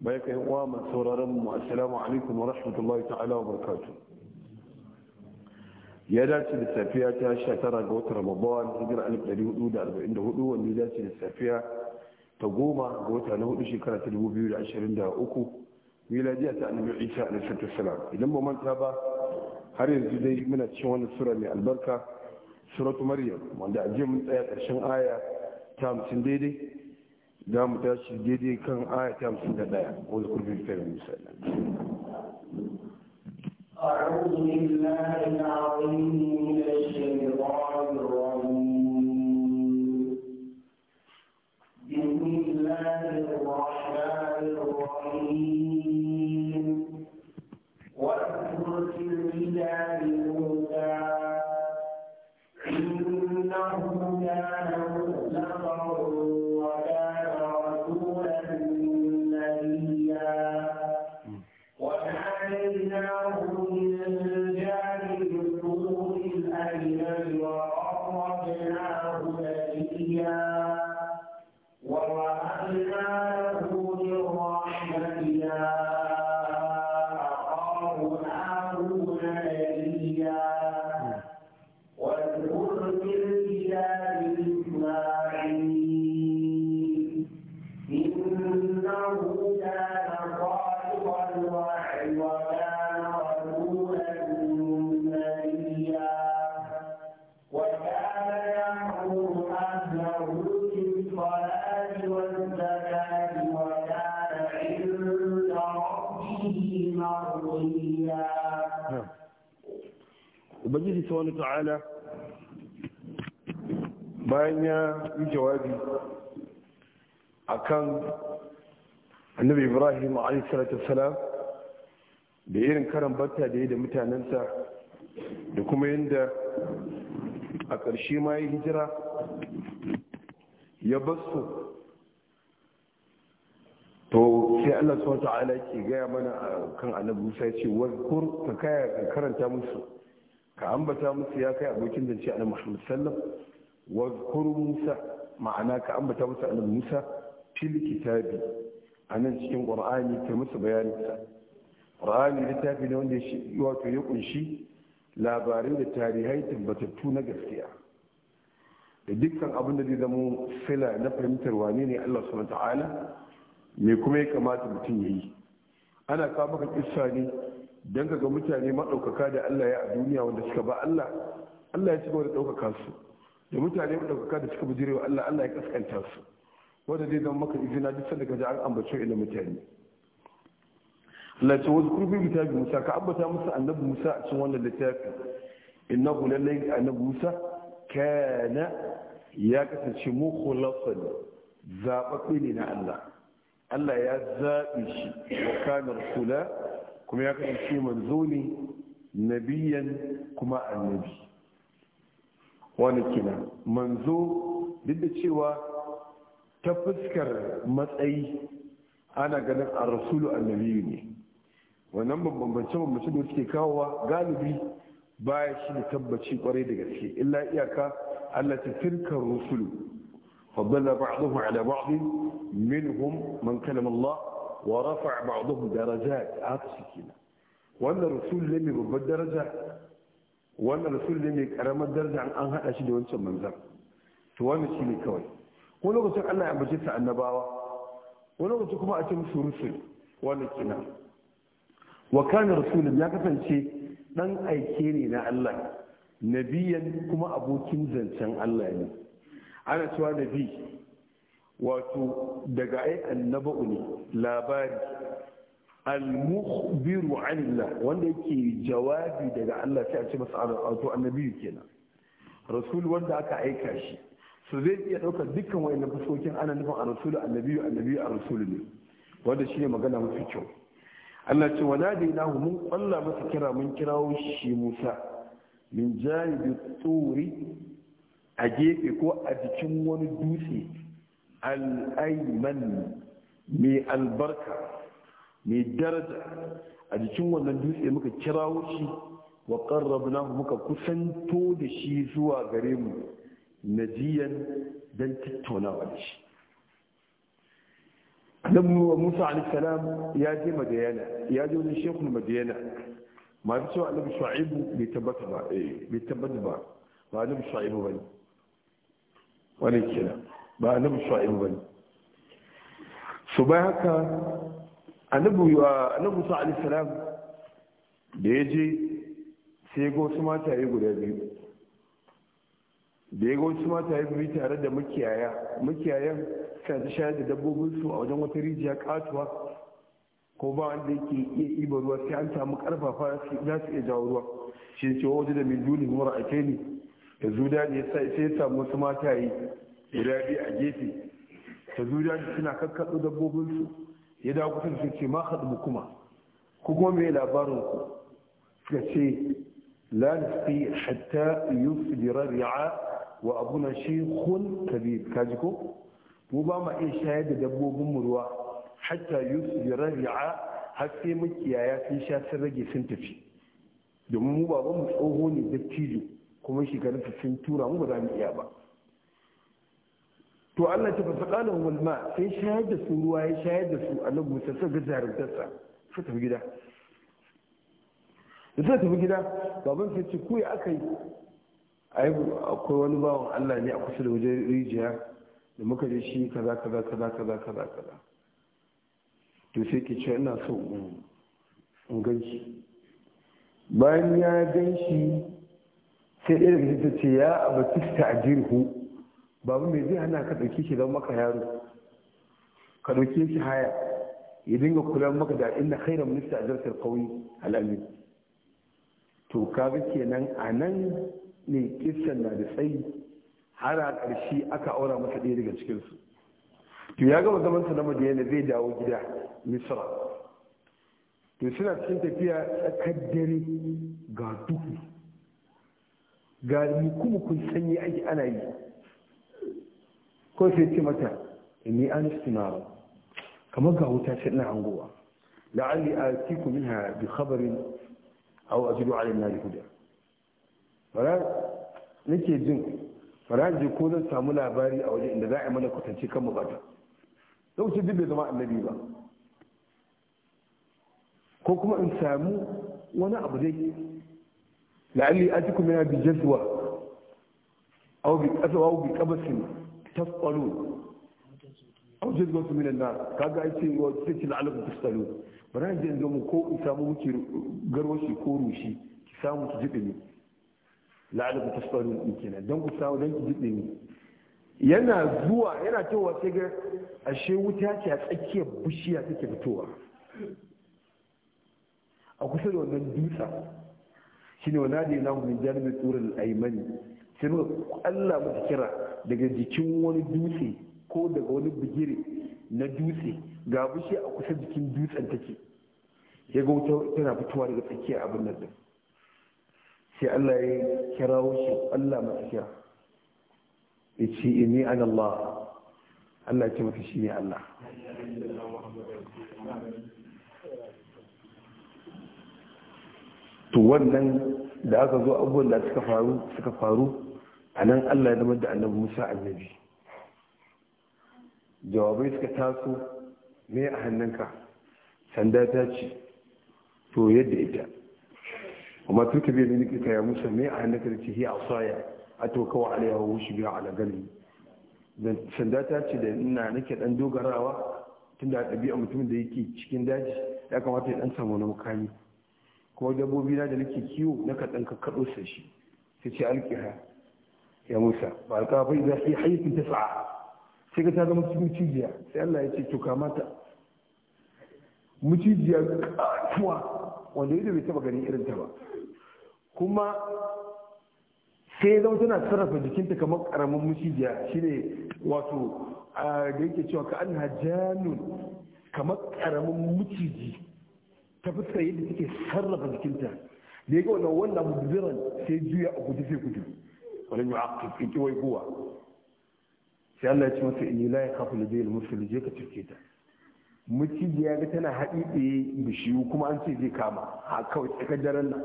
bai kai uwa masu sauraron mu assalamu alaikum wa rahmatullahi ta'ala wa barkatu. ya dace da safiya ta 19 ga watan ramadan hijira 1444 wanda ya dace da safiya ta goma ga wata na hudu shekara ta 2023 miladiya ta annabi isa alaihi salam idan ba manta ba har yanzu dai muna cikin wani sura mai albarka suratu maryam wanda a jiya mun tsaya ƙarshen aya ta hamsin daidai za mu tashi daidai kan ayata hamsin da ɗaya wanda kuma fi fahimta misali أعوذ بالله العظيم من الشيطان ta wani ta'ala bayan ya yi jawabi a kan annabi ibrahim alayhi salatu da irin karan batta da ya da mutanensa da kuma yadda a ƙarshe ma ya hijira ya basu to sai Allah subhanahu ta'ala ke gaya mana kan annabi Musa ya ce kur ta kaya karanta musu ka ambata musu ya kai abokin zance annabi Muhammad sallam wa Musa ma'ana ka ambata musu annabi Musa fil kitabi anan cikin Qur'ani ta musu bayani sa littafi ne wanda wato ya kunshi labarai da tarihai tabbatattu na gaskiya da dukkan abin da zai zamo sila na fahimtar wane ne Allah subhanahu wa ta'ala me kuma ya kamata mutum ya yi ana kawo maka kissa ne don ga mutane maɗaukaka da Allah ya a duniya wanda suka ba Allah Allah ya ci gaba da ɗaukaka su da mutane maɗaukaka da suka bijire wa Allah Allah ya kaskanta su wanda zai zama maka izina duk sanda gaji an ambace ila mutane Allah ce wasu kurfi bi Musa ka ambata musu annabi Musa a cikin wannan littafi innahu lallai annabi Musa kana ya kasance khulafan zababbe ne na Allah Allah ya zaɓi shi wa kana rasula kuma ya kasance manzo ne nabiyan kuma annabi wani kina manzo duk da cewa ta fuskar matsayi ana ganin a rasulu annabi ne wannan bambance bambance da suke kawowa galibi baya shi da tabbaci kwarai da gaske illa iyaka Allah ta firkar rusulu faddala ba'dahu ala ba'd minhum man kalama Allah wa rafa ba'dhum darajat aksikina wannan rasul ne babbar daraja wannan rasul ne karamar daraja an hada shi da wancan manzan to wannan shine kawai ko lokacin Allah ya ambace ta annabawa ko lokacin kuma a ce musu rusul wannan kina wa kana rasulun ya kasance dan aike ne na Allah nabiyan kuma abokin zancen Allah ne ana cewa nabi wato daga ai annaba'u ne labari al-mukhbiru anillah wanda yake jawabi daga Allah sai a ce masa wato annabi kenan rasul wanda aka aika shi su zai iya ɗaukar dukkan wayannan fasokin ana nufin a rasulu annabi annabi a rasulu ne wanda shine magana mafi kyau Allah ce wala dainahu mun kwalla masa kira mun kirawo shi Musa min janibi turi a gefe ko a jikin wani dutse al'aiman mai albarka mai daraja a jikin wannan dutse muka kirawo shi wa ƙarrabna muka kusanto da shi zuwa gare mu na jiyan don tattaunawa da shi annabi musa salam ya je madiyana ya je wajen shekul madiyana ma fi cewa annabi shu'aibu mai tabbata ba eh, bai tabbata ba ba annabi shu'aibu bane wani kenan ba annabi ba ne. su bai haka a annabi uh, sa alaihi salam da ya je sai ga wasu yi guda biyu da ya ga wasu yi biyu tare da makiyaya makiyayan suna ta shayar da dabbobinsu a wajen wata rijiya katuwa ko ba wanda yake iya iba ruwa sai an samu karfafa za su iya jawo ruwa shi ce wajen da mai duni mura a ne da zuda ne sai ya samu wasu mataye iradi a gefe ta zuriya suna kakkaɗo dabbobinsu ya dawo kusa da ce ma haɗu kuma ku kuma mai labarin ku suka ce la hatta Yusuf jirar ri'a wa abuna shaykhun kabir kaji ko mu ba ma iya shayar da dabbobin mu ruwa hatta jirar ri'a har sai makiyaya sun sha sun rage sun tafi domin mu ba mu tsoho ne dattijo kuma shekarunsa sun tura mu ba za mu iya ba to Allah ta fasa kalan walma sai shayar da su ruwa ya shayar da su a lagos ta ga jarumtarsa su tafi gida da ta tafi gida baban sai ce ku aka yi akwai wani bawan Allah ne a kusa da wajen rijiya da muka je shi kaza kaza kaza kaza kaza kaza to sai ke ce ina so in ganshi bayan ya ganshi sai ɗaya da ta ce ya abatista a jirhu babu mai zai hana ka ɗauki shi zama maka yaro ka ɗauki shi haya ya dinga kula maka da inda khairan minista a zartar kauyi al'amin to ga kenan a nan ne kissan na da tsayi har a ƙarshe aka aura masa ɗaya daga cikinsu to ya gama zaman sa na madina zai dawo gida misra to suna cikin tafiya tsakar dare ga duhu ga mukumukun sanyi ake ana yi ko sai ce mata inni an istinara kamar ga wuta ce ina hangowa la'alli atiku minha bi khabarin aw ajidu ala an huda fara nake jin fara ji ko zan samu labari a waje inda za a yi mana kwatance kan mabata don shi duk bai zama annabi ba ko kuma in samu wani abu dai la'alli atiku minha bi jazwa aw bi qaswa aw bi qabasin tasqalu aw jazgatu min an-nar kaga ai sai wa sai la'alakum tasalu bara je yanzu mu ko in samu muke garwashi ko rushi ki samu ki jibe ni la'alakum tasalu in kenan dan ku samu dan ki jibe ni yana zuwa yana cewa sai ga ashe wuta ce a tsakiyar bishiya take fitowa a kusa da wannan dutsa shine wala da yana min jalbi turul aymani sai muka Allah mata kira daga jikin wani dutse ko daga wani bigire na dutse ga bushe a kusa jikin dutsen take ya ga wuta tana fitowa daga tsakiya abin nan din sai Allah ya kira shi Allah mata kira ya ce inni an Allah Allah ya ce mata shi ne Allah to wannan da aka zo abubuwan da suka faru suka faru a nan allah ya zama da annabi musa annabi jawabai suka taso me a hannunka sanda ta ce to yadda ita amma tun ka biya ne kaya musa me a hannunka da ce hi a saya a to kawo alayawa wushi biya ala gani sanda ta ce da ina nake dan dogarawa tun da ɗabi'a mutum da yake cikin daji ya kamata ya dan samu na mukami kuma dabbobi na da nake kiwo na ka dan kakkaɗo shi sai ce alƙiha ya musa ba alkafa idan sai haifin ta sa'a sai ka ta zama cikin mucijiya sai allah ya ce to kamata mucijiya katuwa wanda yadda bai taba ganin irin ta ba kuma sai zama tana sarrafa jikinta kamar karamin mucijiya shine wato da yake cewa ka an hajjanun kamar karamin muciji ta fuskar yadda take sarrafa jikinta da ya ga wannan wannan zira sai juya a guji sai gudu wala yi aqib ki wai kuwa sai Allah ya ce masa inni la yakhafu ladayil mursil je ka tirke ta miciji ya ga tana haɗi tsaye bishiyu kuma an ce zai kama a kawai tsakar daren nan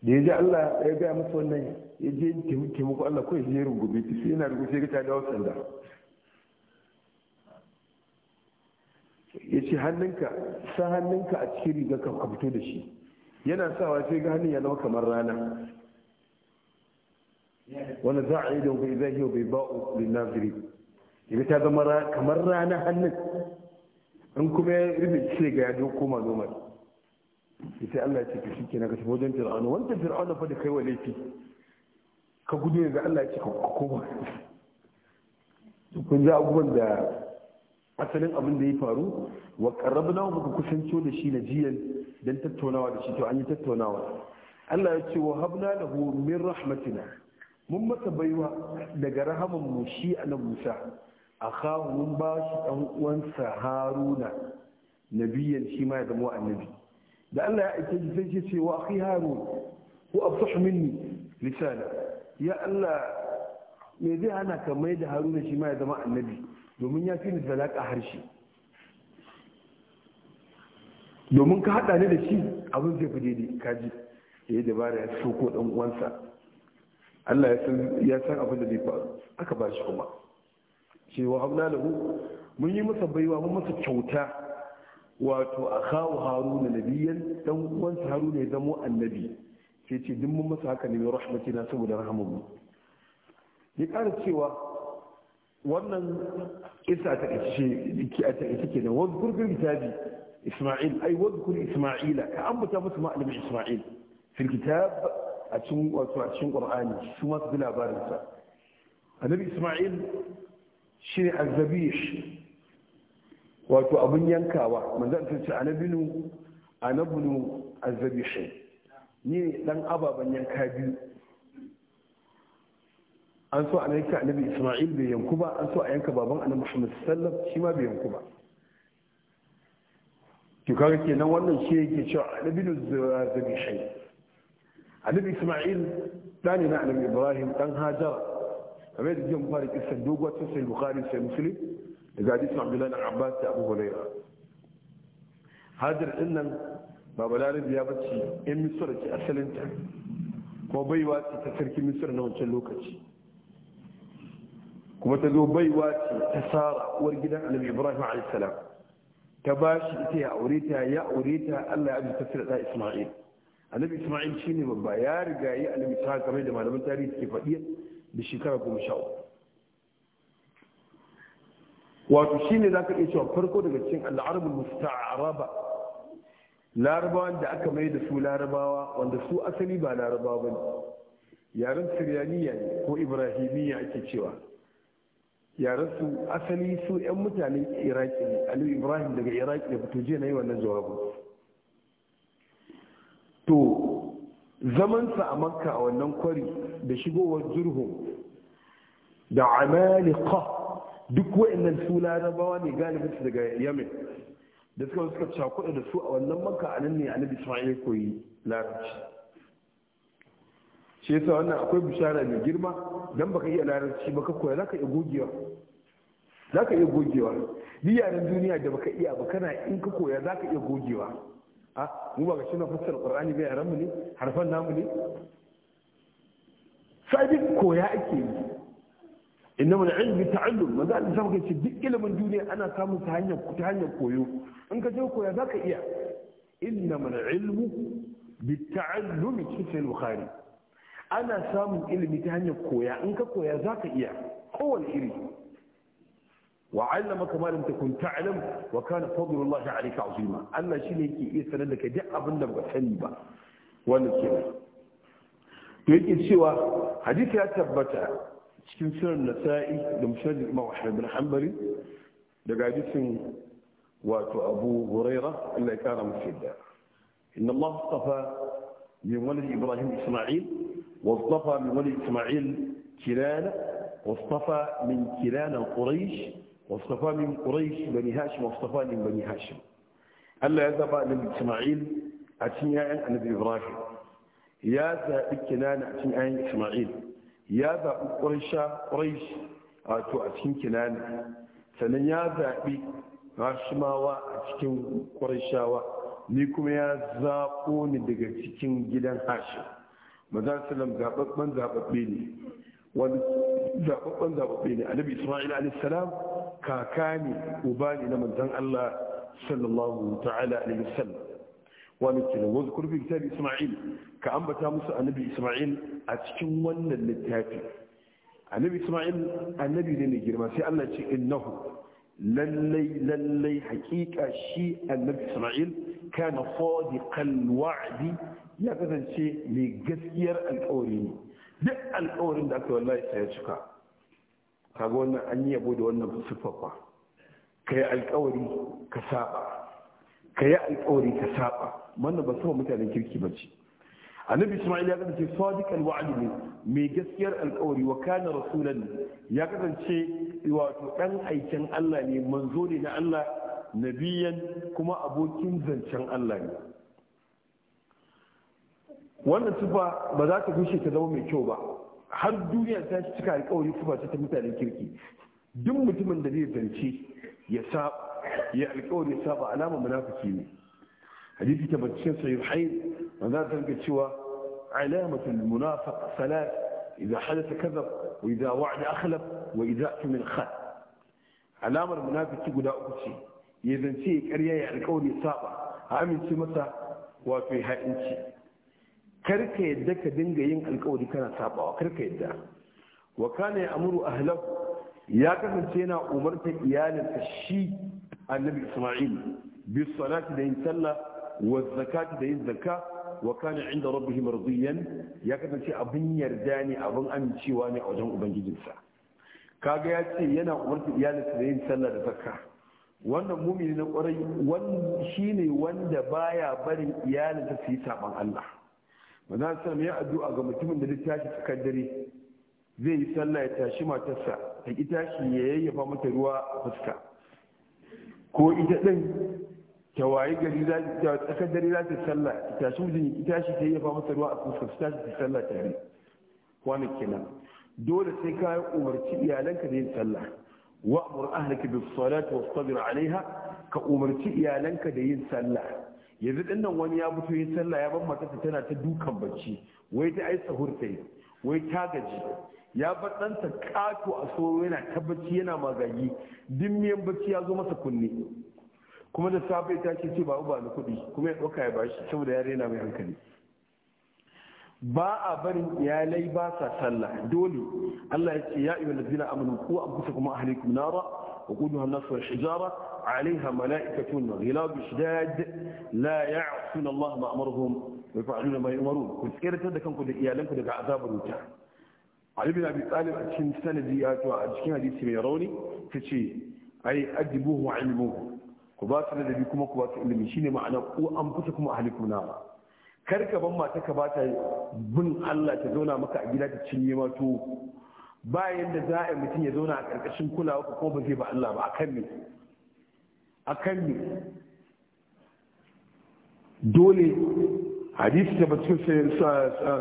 da ya ji Allah ya gaya masa wannan ya je taimako Allah ko ya je rungume ta sai yana rungume sai ga ta dawo sanda ya ce hannunka sa hannunka a cikin rigar ka fito da shi yana sawa sai ga hannun ya zama kamar rana wani za a yi da bai zai bai ukuri na naziri ibi ta zama kamar rana hannun in kuma ya rufe ce ga ya koma noma sai Allah ya ce ka shike na ka tafi wajen fir'auna wanda fir'auna fa da kai wa laifi ka gudu yanzu Allah ya ce ka koma kun ji abubuwan da asalin abin da ya faru wa karrabna muka kusanci da shi na jiyan dan tattaunawa da shi to an yi tattaunawa Allah ya ce wa habna lahu min rahmatina mun masa baiwa daga rahaman mu shi annabi Musa kawo mun ba shi dan uwansa Haruna nabiyan shi ma ya zama annabi da Allah ya aike shi sai ya ce wa akhi Harun afsah minni lisana ya Allah me zai hana ka mai da Haruna shi ma ya zama annabi domin ya fi ni zalaka harshe domin ka haɗa ni da shi abin zai fi daidai kaji ya yi dabara ya soko ɗan uwansa Allah ya san abin da zai faru aka ba shi kuma cewa hamna lahu mun yi masa baiwa mun masa kyauta wato a kawo haruna nabiyan dan uwansa haruna ya zamo annabi sai ce duk mun masa haka ne mai rahmati na saboda rahamun ya ƙara cewa wannan isa ta ƙarshe ke a ta kenan isma'il ai wadkur isma'ila ka ambata musu ma'alimin isma'il fil kitab a cikin a cikin qur'ani su ma su labarin isma'il shi ne azzabish wato abun yankawa manzon ta ce anabinu anabnu azzabish ni dan ababan yanka biyu an so a yanka annabi isma'il bai yanku ba an so a yanka baban annabi muhammad sallam shi ma bai yanku ba to kaga kenan wannan shi yake cewa alabinu zabihai annabi isma'il dani na annabi ibrahim dan hajar kamar da jin fara kisan dogon ta sai bukhari sai muslim daga hadisin abdullahi dan abbas da abu huraira hajar din nan ba balarabi ya bace in misra ce asalinta ko baiwa ce ta sarki misra na wancan lokaci kuma ta zo baiwa ce ta sara uwar gidan annabi ibrahim alayhi salam ta ba shi ita ya aure ta ya aure ta Allah ya ajiye tafsir da Isma'il annabi Isma'il shine babba ya riga yi annabi ta kamar da malaman tarihi suke faɗi da shekara goma sha shi wato shine zaka iya cewa farko daga cikin al'arabul Araba? larabawan da aka mai da su larabawa wanda su asali ba larabawa bane yaren siryaniya ko ibrahimiyya ake cewa yaransu asali su 'yan mutanen iraki ne Ali ibrahim daga iraki da fito jiya na yi wannan jawabin to zaman sa a makka a wannan kwari da shigowar zurhun da amalika duk wa'annan su larabawa ne galibinsu daga yamin da suka suka cakuɗa da su a wannan makka a nan ne nabi sa'ayi koyi larabci shi yasa wannan akwai bishara mai girma don baka iya larabci baka koya zaka iya gogewa zaka iya gogewa duk yaren duniya da baka iya ba kana in ka koya zaka iya gogewa a mu ba ga shi na fassar qur'ani bai yaran mu ne harfan namu ne sai koya ake yi innama al-ilm ta'allum maza Allah zaka muka ce duk ilimin duniya ana samun ta hanyar ta hanyar koyo in ka je koya zaka iya innama al ilmu bi ta'allum cikin bukhari ana samun ilimi ta hanyar koya in ka koya za ka iya kowane iri wa allama kamar da kun ta'lam wa kana fadlullah alayka azima Allah shine yake iya sanar da kai duk abin da baka sani ba wannan kenan to yake cewa hadisi ya tabbata cikin sunan nasa'i da musnad imam ahmad bin hanbali daga hadisin wato abu huraira Allah ya kara masa inna Allah min ibrahim isma'il واصطفى من ولي إسماعيل كلانة واصطفى من كلانة قريش واصطفى من قريش بني هاشم واصطفى من بني هاشم ألا يذبى من إسماعيل أتنياء النبي إبراهيم يا ذا بكنانة أتنياء إسماعيل يا ذا قريش قريش أتو أتنياء كنانة سنن يا ذا بكنانة أتنياء قريشة نيكم يا ذا قوني دقا تكين جدا هاشم maza sallam zababban zababbe ne wani zababban zababbe ne annabi isma'il alayhi salam kaka ne uba ne na manzon Allah sallallahu ta'ala alaihi wasallam wani kenan wanzu kurbi kitabi isma'il ka ambata musu annabi isma'il a cikin wannan littafi annabi isma'il annabi ne mai girma sai Allah ce innahu lallai lallai hakika shi annabi isma'il kana sadiqal wa'di ya kasance mai gaskiyar alkawari ne duk alkawarin da aka wallahi sai ya cika kaga wannan an yi yabo da wannan siffafa ka yi alkawari ka saba ka yi alkawari ka saba wannan ba sama mutanen kirki ba ce annabi isma'il ya kasance sadiqal wa'd ne mai gaskiyar alkawari wa kana rasulan ya kasance wato dan aikin Allah ne manzo ne na Allah nabiyan kuma abokin zancen Allah ne wannan tufa ba za ta gushe ta zama mai kyau ba har duniya ta shi cika alkawari tufa ce ta mutanen kirki duk mutumin da zai zance ya sa ya alkawari ya saba alama munafiki ne hadisi ta bacin sayyid hayy manzo ta ga cewa alamatul munafiq salat idza hadatha kadhab wa idza wa'ada akhlaf wa idza min khat alamar munafiki guda uku ce ya zance ya karya ya alkawari ya saba a amince masa wato ya ha'inci karka yadda ka dinga yin alkawari kana sabawa karka yadda wa kana ya amuru ahlahu ya kasance yana umarta iyalinsa shi annabi isma'il bi salati da yin sallah wa zakati da yin zakka wa kana inda rabbihim mardiyan ya kasance abin yarda ne abin amincewa ne a wajen ubangijinsa kaga ya ce yana umarta iyalinsa da yin sallah da zakka wannan mumini na kwarai shine wanda baya barin iyalinsa su yi saban Allah manzon sallam ya addu'a ga mutumin da duk tashi tsakar dare zai yi sallah ya tashi matarsa ta ki tashi ya yayyafa mata ruwa a fuska ko ita din ta wayi gari za ta tsakar dare za ta sallah ta tashi mijin ta tashi ta yayyafa mata ruwa a fuska ta tashi ta sallah tare wani kenan dole sai ka yi umarci iyalanka da yin sallah wa'mur ahlaka bis salati wastabir alaiha ka umarci iyalanka da yin sallah yanzu din nan wani ya fito yin sallah ya ban matarsa tana ta dukan bacci wai ta aisa sahur yi, wai ta gaji ya bar ɗanta ƙato a tsoro yana ta bacci yana magagi miyan bacci ya zo masa kunne kuma da safe ta ce ce ba ba ni kuɗi kuma ya ɗauka ya bashi saboda ya rena mai hankali ba a barin iyalai ba sa sallah dole Allah ya ce ya ayyuhal ladina amanu qu anfusakum wa ahlikum nara وقودها الناس والحجارة عليها ملائكة غلاب شداد لا يعصون الله ما أمرهم ويفعلون ما يؤمرون كنت كيرا تدى كان كنت إيالان كنت عذاب الوجع علي بن أبي طالب أتشين سنة ديات وأتشين هديث ميروني تشي أي أدبوه وعلموه كباتنا لديكم وكبات إلمشين معنا وأنفسكم وأهلكم نارا karka ban mata ka bata bin Allah ta zauna maka a gida ta cinye ma to ba yadda za a mutum ya zauna a ƙarƙashin kulawa ko ba zai ba Allah ba akan me akan me dole hadisi ta batun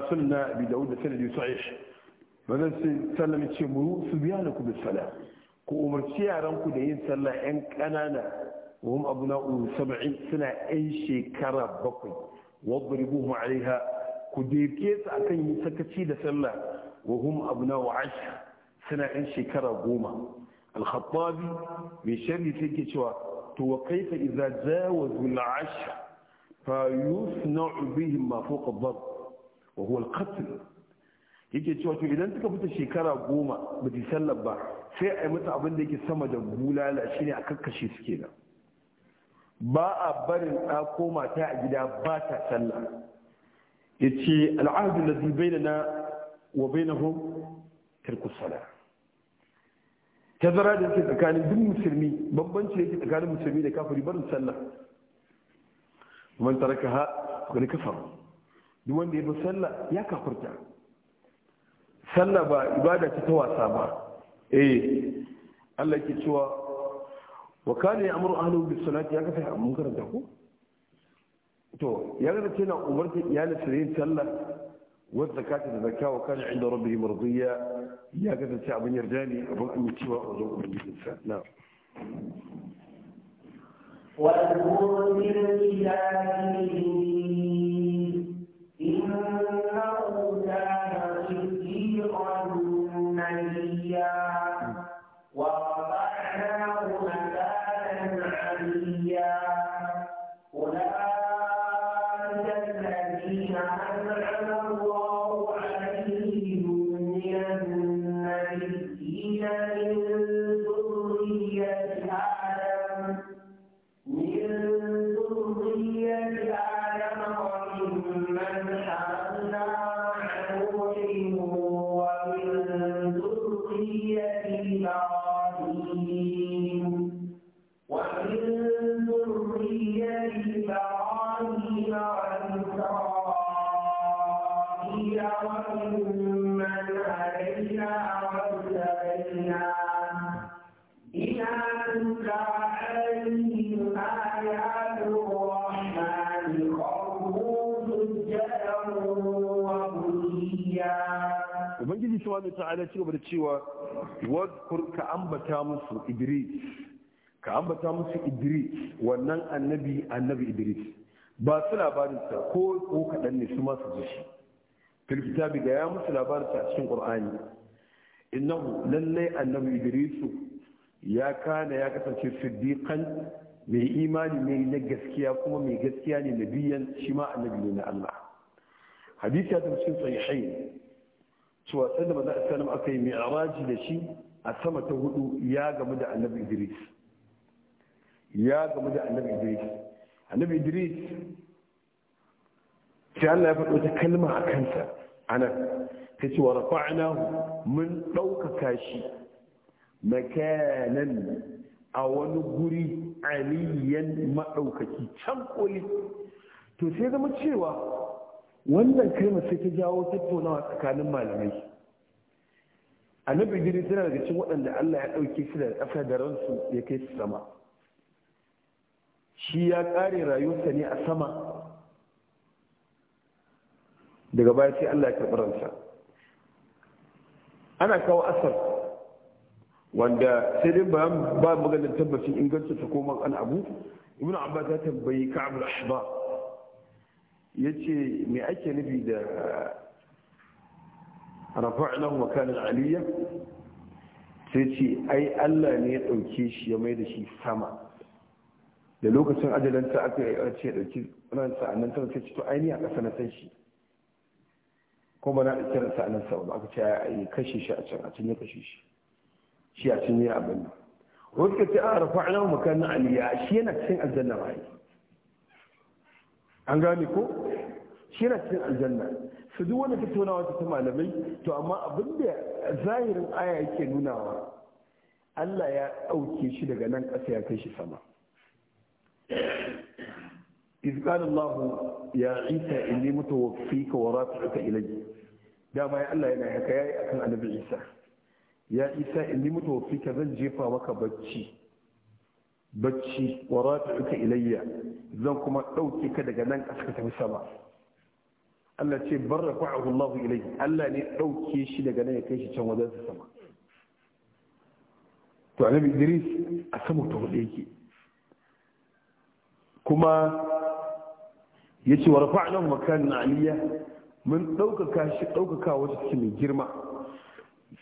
sunan na bi dawud da sanadi sahih manzon sai sallama ce mu su biya ku bis sala ku umarci yaran ku da yin sallah yan ƙanana. wa hum abna'u sab'in suna yan shekara bakwai wadribuhum alaiha ku deke su akan yi sakaci da sallah wa hum abna'u ashar suna ɗan shekara goma al mai sharri sai ke cewa to wa kaifa idza jawazu al-ashar fa yusna'u bihim ma fawqa ad-darb wa huwa al-qatl yake cewa to idan suka fita shekara goma ba su sallar ba sai a yi mata abin da yake sama da bulala shine a kakkashe su kenan ba a barin ɗa ko mata a gida ba ta sallah ya ce al'adu na zubai na wa bainahum tarku salat tazara da ke tsakanin duk musulmi bambanci yake tsakanin musulmi da kafiri barin sallah man taraka ha kun kafara duk wanda ya bi sallah ya kafirta sallah ba ibada ce ta wasa ba eh Allah ke cewa wa kana ya'muru ahlahu bis salati ya kafa mun karanta ko to ya ga ce na umarta iyalinsa yin sallah والزكاة الزكاة وكان عند ربه مرضية يا قد تعب يرداني أظن أن سوى أرزق من الإنسان نعم واذكر في الكتاب إن ta'ala ci da cewa wadkur ka ambata musu idris ka ambata musu idris wannan annabi annabi idris ba su labarinsa ko ko kaɗan ne su masu ji shi fil kitabi ga ya musu labarinsa a cikin qur'ani innahu lallai annabi idris ya kana ya kasance siddiqan mai imani ne na gaskiya kuma mai gaskiya ne nabiyan shi ma annabi ne na Allah hadisi ta cikin sahihai cewa sanda maza a sanar aka yi mai da shi a sama ta hudu ya gamu da annabi idris ya gamu da annabi idris annabi idris sai allah ya faɗo ta kalma a kansa nan. ta ce wa rafa'na mun ɗaukaka shi makanan a wani guri aliyan maɗaukaki can koli to sai zama cewa wannan kalmar sai ta jawo tattaunawa tsakanin malamai A annabi bigiri tana daga cikin waɗanda allah ya ɗauke su da ƙasa da ransu ya kai su sama shi ya ƙare rayuwarsa ne a sama daga baya sai allah ya karɓi ransa ana kawo asar wanda sai dai ba ba maganar tabbacin ingancin ta koma an abu ibn abba ta tambayi ka'abul al ya ce mai ake nufi da rafa'anan makanin aliyya sai ce ai allah ne ya ɗauke shi ya mai da shi sama da lokacin ajalanta aka yi a ce ɗauki ransa a nan sai ce to aini a ƙasa na san shi kuma ba na ɗauki ransa a nan sa ba aka ce ya kashe shi a can a can ya kashe shi shi a can ya abin wasu ka ce a rafa'anan wakanin aliyya shi yana cikin aljanna ba yi an gane ko shi na cikin aljanna su duk wani tattaunawa ta malamai to amma abin da zahirin aya yake nunawa Allah ya ɗauke shi daga nan ƙasa ya kai shi sama إذ قال الله يا عيسى إني متوفيك ورافعك إلي dama ya Allah yana haka yayi akan annabi Isa ya Isa inni mutu fika zan jefa maka bacci bacci wa ka ilayya zan kuma ɗauke ka daga nan ƙasa tafi sama Allah ce barra rafa'ahu Allah ilayhi Allah ne ɗauke shi daga nan ya kai shi can wajen sa sama to annabi Idris a sama to da yake kuma yace wa rafa'nahu makanan aliyya mun ɗaukaka shi ɗaukaka wata cikin mai girma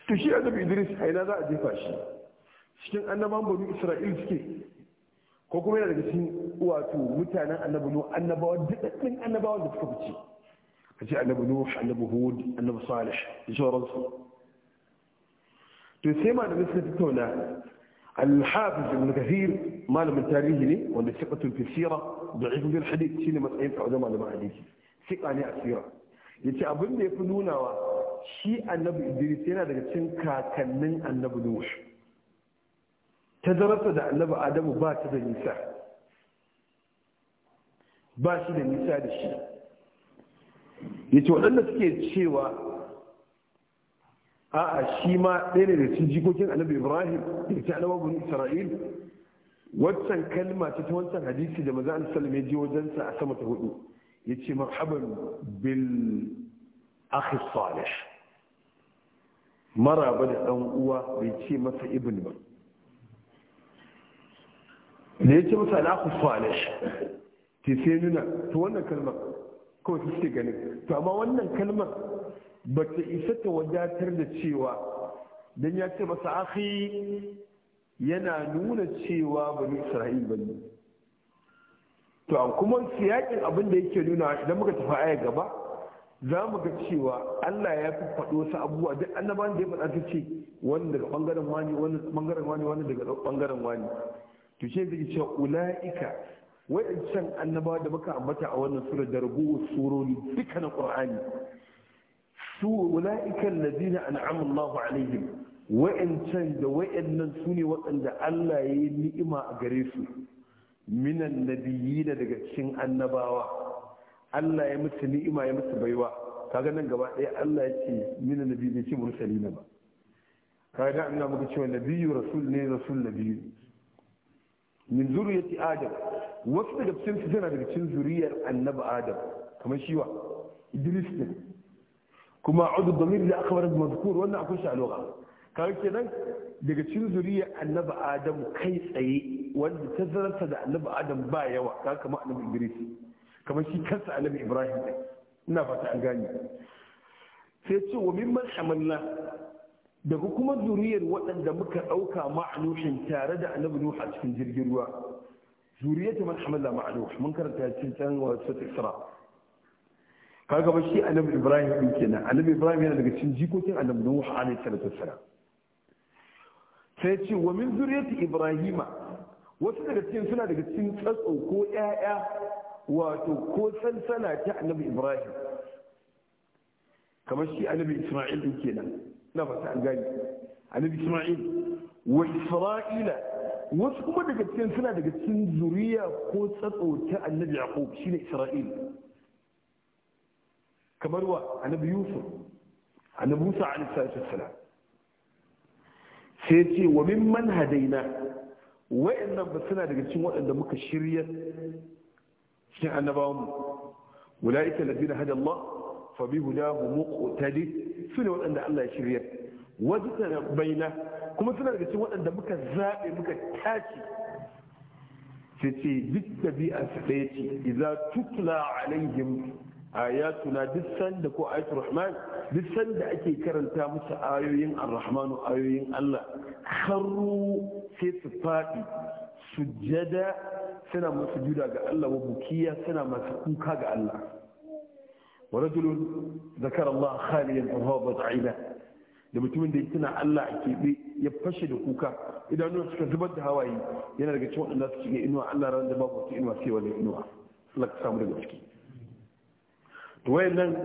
to shi annabi Idris a ina za a jefa shi cikin annaban bani Isra'il suke ko kuma yana daga cikin wato mutanen annabi nuh annabawa daɗaɗɗin annabawan da suka fice ka ce annabi nuh annabi hud annabi salih da sauransu to sai malamin suka tattauna al-hafiz ibn kathir malamin tarihi ne wanda siqatun fi sirah da'ifun fil hadith shine matsayin sa wajen malamin hadisi siqa ne a sira yace abin da yafi nunawa shi annabi idris yana daga cikin kakannin annabi nuh tazararsa da annaba adamu ba ta da nisa ba shi da nisa da shi ya ce waɗanda suke cewa a'a shi ma ɗaya ne da cikin jikokin annabi ibrahim da ta annaba bin isra'il wancan kalma ce ta wancan hadisi da maza alisalam ya je wajensa a sama ta hudu ya ce marhaban bil akhi salih maraba da ɗan uwa bai ce masa ibn ba da ya ce masa na ku swalish ke sai nuna to wannan kalmar kawai ta ce ganin to amma wannan kalmar ba ta isa ta wadatar da cewa don ya ce masa akhi yana nuna cewa bani isra'il bane to an kuma siyakin abin da yake nuna idan muka tafi aya gaba za mu ga cewa Allah ya fi faɗo su abubuwa duk annabawan da ya faɗa ta ce wani daga ɓangaren wani wani daga ɓangaren wani to ce zai ce ula'ika waɗancan annabawa da muka ambata a wannan sura da rubu surori duka na ƙur'ani su ula'ika allazina an'ama Allahu alaihim waɗancan da waɗannan su ne waɗanda Allah ya yi ni'ima a gare su minan nabiyina daga cikin annabawa Allah ya musu ni'ima ya musu baiwa kaga nan gaba ɗaya Allah ya ce minan nabiyina ce mursalina ba kaga an ga muka cewa nabiyyu rasul ne rasul nabiyyu min zuriyati adam wasu daga cikin su tana daga cikin zuriyar annabi adam kamar shi wa idris din kuma udu Domin da aka bar mazkur wannan akwai shi a lugha kawai kenan daga cikin zuriyar annabi adam kai tsaye wanda zarta da annabi adam ba yawa ka kamar annabi idris kamar shi kansa annabi ibrahim ina fata an gane sai ce wa mimman hamalna daga kuma zuriyar waɗanda muka ɗauka ma'anushin tare da annabi nuhu a cikin jirgin ruwa zuriyatu man hamala ma'anushin mun karanta cikin can wasu isra kaga ba shi annabi ibrahim din kenan annabi ibrahim yana daga cikin jikokin annabi nuhu alaihi salatu wassalam sai ce wa min zuriyati ibrahima wasu daga cikin suna daga cikin tsatso ko ƴaƴa wato ko sansana ta annabi ibrahim kamar shi annabi isma'il din kenan نفس الجاي عن ابي اسماعيل واسرائيل وش كما دغ تين سنا دغ تين ذريه قصه اوت النبي يعقوب شين اسرائيل كما روى عن ابي يوسف عن موسى عليه السلام سيتي وممن هدينا وان بسنا دغ تين ودان مكا شريه شنو النبي اولئك الذين هدى الله fa bi hudahu muqtadi ne waɗanda Allah ya shirya wajtana baina kuma suna daga cikin waɗanda muka zabe muka tashi sai ce duk a su ɗaya ce idza tutla alaihim ayatuna duk sanda ko ayatul rahman duk sanda ake karanta musu ayoyin ar-rahman ayoyin Allah kharru sai su fadi sujjada suna masu juda ga Allah wa bukiya suna masu kuka ga Allah ورجل ذكر الله خاليا وهو بضعينا da mutumin da tana Allah a keɓe ya fashe da kuka idanun suka zubar da hawaye yana daga cikin waɗanda su shiga inuwa Allah ran da babu wata inuwa sai wani inuwa Allah ka samu daga ciki to wayannan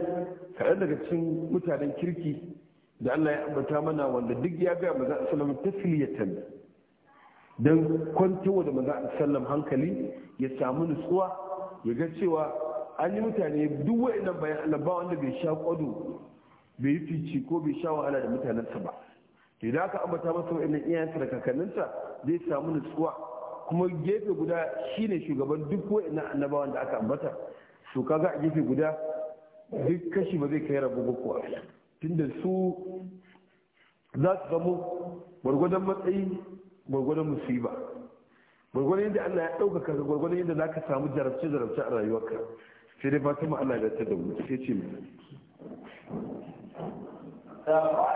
kaɗan daga cikin mutanen kirki da Allah ya ambata mana wanda duk ya ga maza sallam tasliyatan dan kwantawa da maza sallam hankali ya samu nutsuwa ya ga cewa an yi mutane duk wa'annan bayan Allah wanda bai sha kwado bai yi fici ko bai sha wahala da mutanensa ba to aka ambata masa wa'annan iyayensa da kakanninsa zai samu nutsuwa kuma gefe guda shine shugaban duk wa'annan annabawan da aka ambata su kaga a gefe guda duk kashi ba zai kai rabu ba kuwa tunda su za su zamo gwargwadon matsayi gwargwadon musiba gwargwadon yadda Allah ya ɗaukaka gwargwadon yadda za ka samu jarabce-jarabce a rayuwarka sai dai fatima Allah da ta da mu sai ce mu ta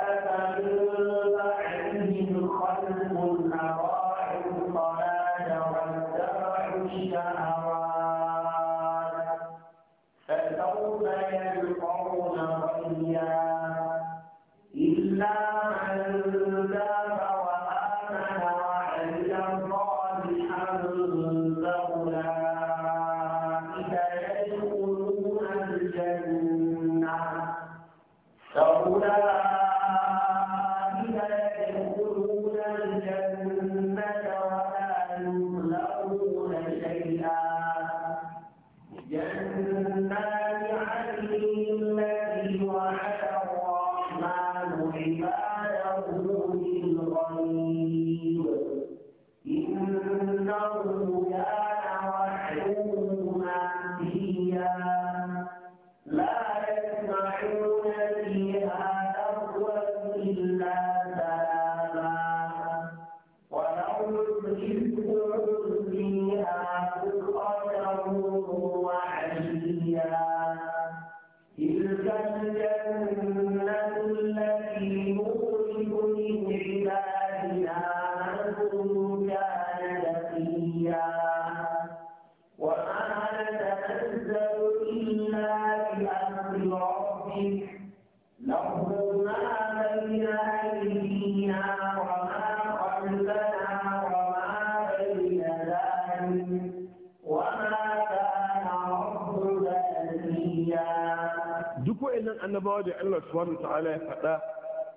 subhanahu ta'ala ya faɗa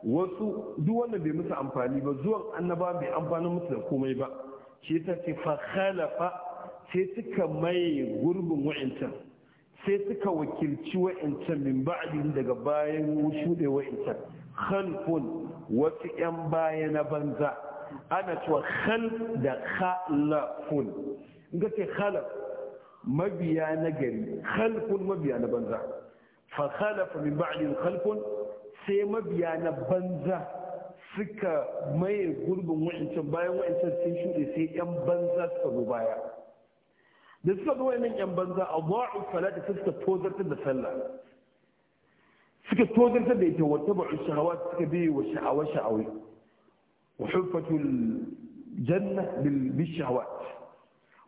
wasu duk wanda bai musu amfani ba zuwan annaba bai amfani musu da komai ba shi ta ce fa khalafa sai suka mai gurbin wa'ancan sai suka wakilci wa'ancan min ba'din daga bayan shuɗe wa'ancan khalfun wasu 'yan baya na banza ana cewa khal da khalafun in ka ce khalaf mabiya na gari khalfun mabiya na banza fa khalafa min ba'din khalfun sai mabiya na banza suka maye gurbin wa'ancan bayan wa'ancan sun shuɗe sai yan banza suka zo baya da suka zo wa'annan yan banza a ba'u salata suka tozartar da sallah suka tozartar da ita wata ba'u shahawa suka biye wa sha'awa sha'awi wa huffatul janna bil shahawat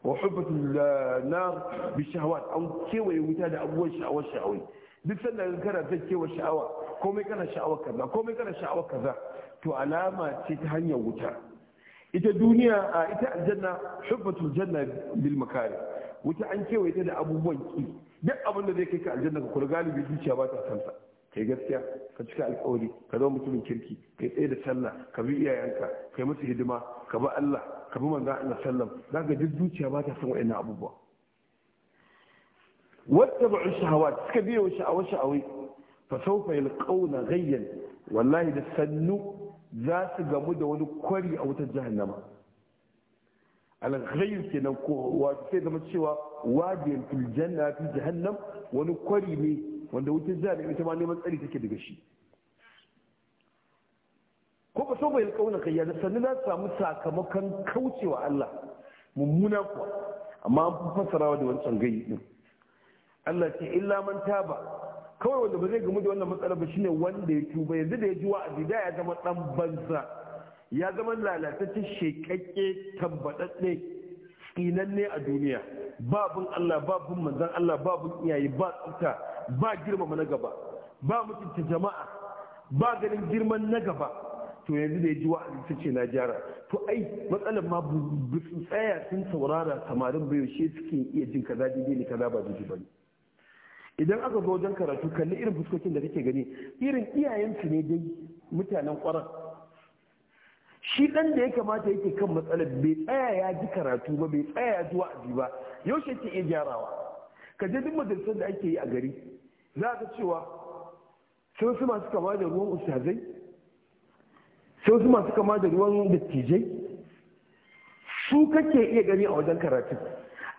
wa hubbatul nar bi shahawat an kewaye wuta da abubuwan sha'awar sha'awai duk sanda ka kana kewa sha'awa komai kana sha'awa kaza komai kana sha'awa kaza to alama ce ta hanyar wuta ita duniya a ita aljanna hubbatu janna bil makari wuta an kewa ita da abubuwan ki duk abin da zai kai ka aljanna ka kula galibi zuciya ba ta san kai gaskiya ka cika alƙawari ka zama mutumin kirki kai tsaye da sallah ka bi iyayenka kai musu hidima ka bi Allah ka bi manzon Allah sallam zaka duk zuciya ba ta san wa'annan abubuwa wattaba'u shahawat suka biyo sha'awa sha'awai fa yi yalqawna ghayyan wallahi da sannu za su gamu da wani kwari a wutar jahannama alghayyu kenan ko wato sai zama cewa wadiyan fil janna fi jahannam wani kwari ne wanda wutar jahannama ita ma neman tsari take daga shi ko ba so yi kauna kai da sannu za su samu sakamakon kaucewa Allah mummuna kuwa amma an fassarawa da wancan gayi Allah ce illa man taba kawai wanda ba zai gamu da wannan matsala ba shine wanda ya tuba yanzu da ya ji wa'azi da ya zama dan banza ya zama lalatacce shekakke tabbadadde tsinanne a duniya babun Allah babun manzon Allah babun iyaye ba tsuka ba girmama na gaba ba mutunta jama'a ba ganin girman na gaba to yanzu da ya ji wa'azi ta ce na jara to ai matsalar ma bu tsaya sun saurara samarin bayo shi suke iya jin kaza daidai ne kaza ba daidai ba ne idan aka zo wajen karatu kalli irin fuskokin da kake gani irin iyayensu ne dai mutanen kwarar shi dan da ya kamata yake kan matsalar bai tsaya ya ji karatu ba bai tsaya ya ji wa'azi ba yaushe ke iya gyarawa ka je duk majalisar da ake yi a gari za ka cewa sai su masu kama da ruwan ustazai sai su masu kama da ruwan dattijai su kake iya gani a wajen karatu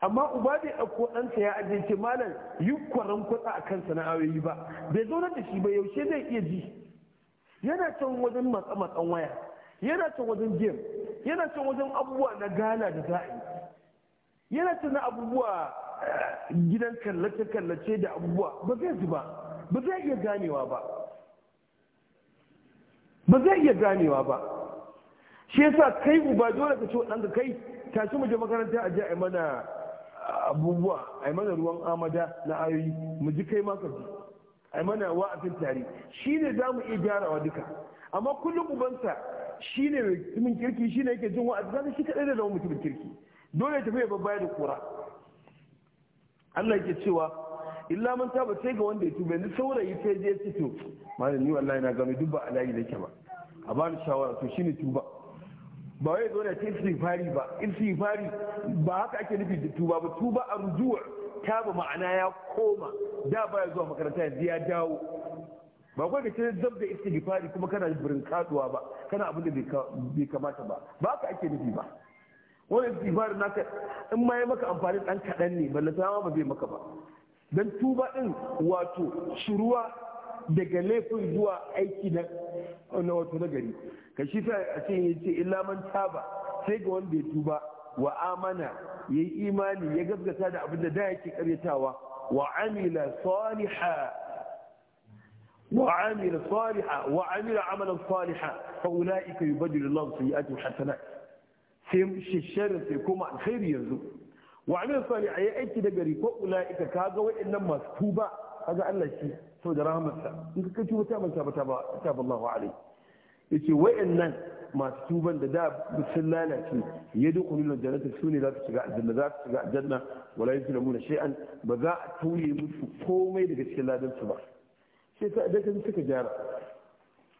amma uba bai ɗauko ɗansa ya ajiye ce malam yi kwaran kwatsa a kan sana'o'i ba bai zo da shi ba yaushe zai iya ji yana can wajen matsa matsan waya yana can wajen gem. yana can wajen abubuwa na gana da za a yi yana can na abubuwa eh, gidan kallace-kallace da abubuwa ba zai ji ba ba zai iya ganewa ba ba zai iya ganewa ba shi yasa kai uba dole ka ce ɗanka kai tashi mu je makaranta a je a mana abubuwa ai mana ruwan amada na ayoyi mu ji kai maka ji ai mana wa'azin tare shi ne za mu iya gyarawa duka amma kullum ubansa shi ne mutumin kirki shi ne yake jin wa'azi zaka shi kadai da zama mutumin kirki dole ya tafi ya da kura Allah yake cewa illa man taba sai ga wanda ya tuba yanzu saurayi sai je ya malam to wallahi na gano duk ba alayi da ke ba a bani shawara to shine tuba ba wai zo da ta istighfari ba istighfari ba haka ake nufi da tuba ba tuba a rujuwa ta ba ma'ana ya koma da baya zuwa makaranta yanzu ya dawo ba kawai ka cire zab da istighfari kuma kana birin kaduwa ba kana abin da bai kamata ba ba haka ake nufi ba wani istighfari naka in ma ya maka amfani dan kaɗan ne balle sama ba zai maka ba dan tuba din wato shiruwa daga laifin zuwa aiki na wato na ka shi sa a ce ya ce illa man taba sai ga wanda ya tuba wa amana ya yi imani ya gaskata da abin da da yake karyatawa wa amila saliha wa amila saliha wa amila amalan saliha fa ulaika yubaddilu Allah sayyi'atihim hasanat sai shisharin sai kuma alkhairi yanzu wa amila saliha ya aiki da gari ko ulaika kaga waɗannan masu tuba kaga Allah shi saboda rahmatsa in ka tuba ta manta ta ba ta ba Allahu alaihi yace nan masu tuban da da sun lalace ya duk nuna jannata su ne za su shiga aljanna za su shiga aljanna wala yuslamuna shay'an ba za a tauye musu komai daga cikin ladan su ba sai ta da kan suka gyara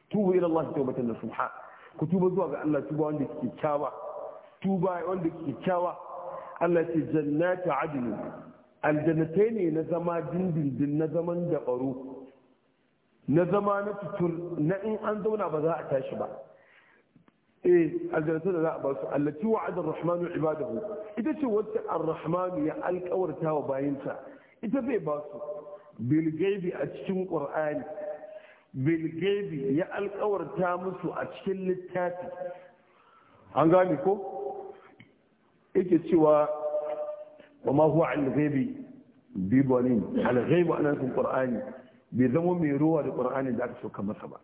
tubu ila Allah tawbatan nasuha ku tuba zuwa ga Allah tuba wanda kike kyawa tuba wanda kike kyawa Allah ce jannatu adlin aljannatai ne na zama dindindin na zaman da baro na zama na fitur na in an zauna ba za a tashi ba e eh, aljannatu da za a ba su allati wa'ada ar-rahmanu ibadahu ita ce wacce ar ya alkawarta wa bayinsa ita bai ba su bil a cikin qur'ani bil ya alkawarta musu a cikin littafi an gane ko yake cewa wa ma huwa al-ghaibi bi banin al-ghaibu anan qur'ani bai zama mai ruwa da ƙur'anin da aka sauka masa ba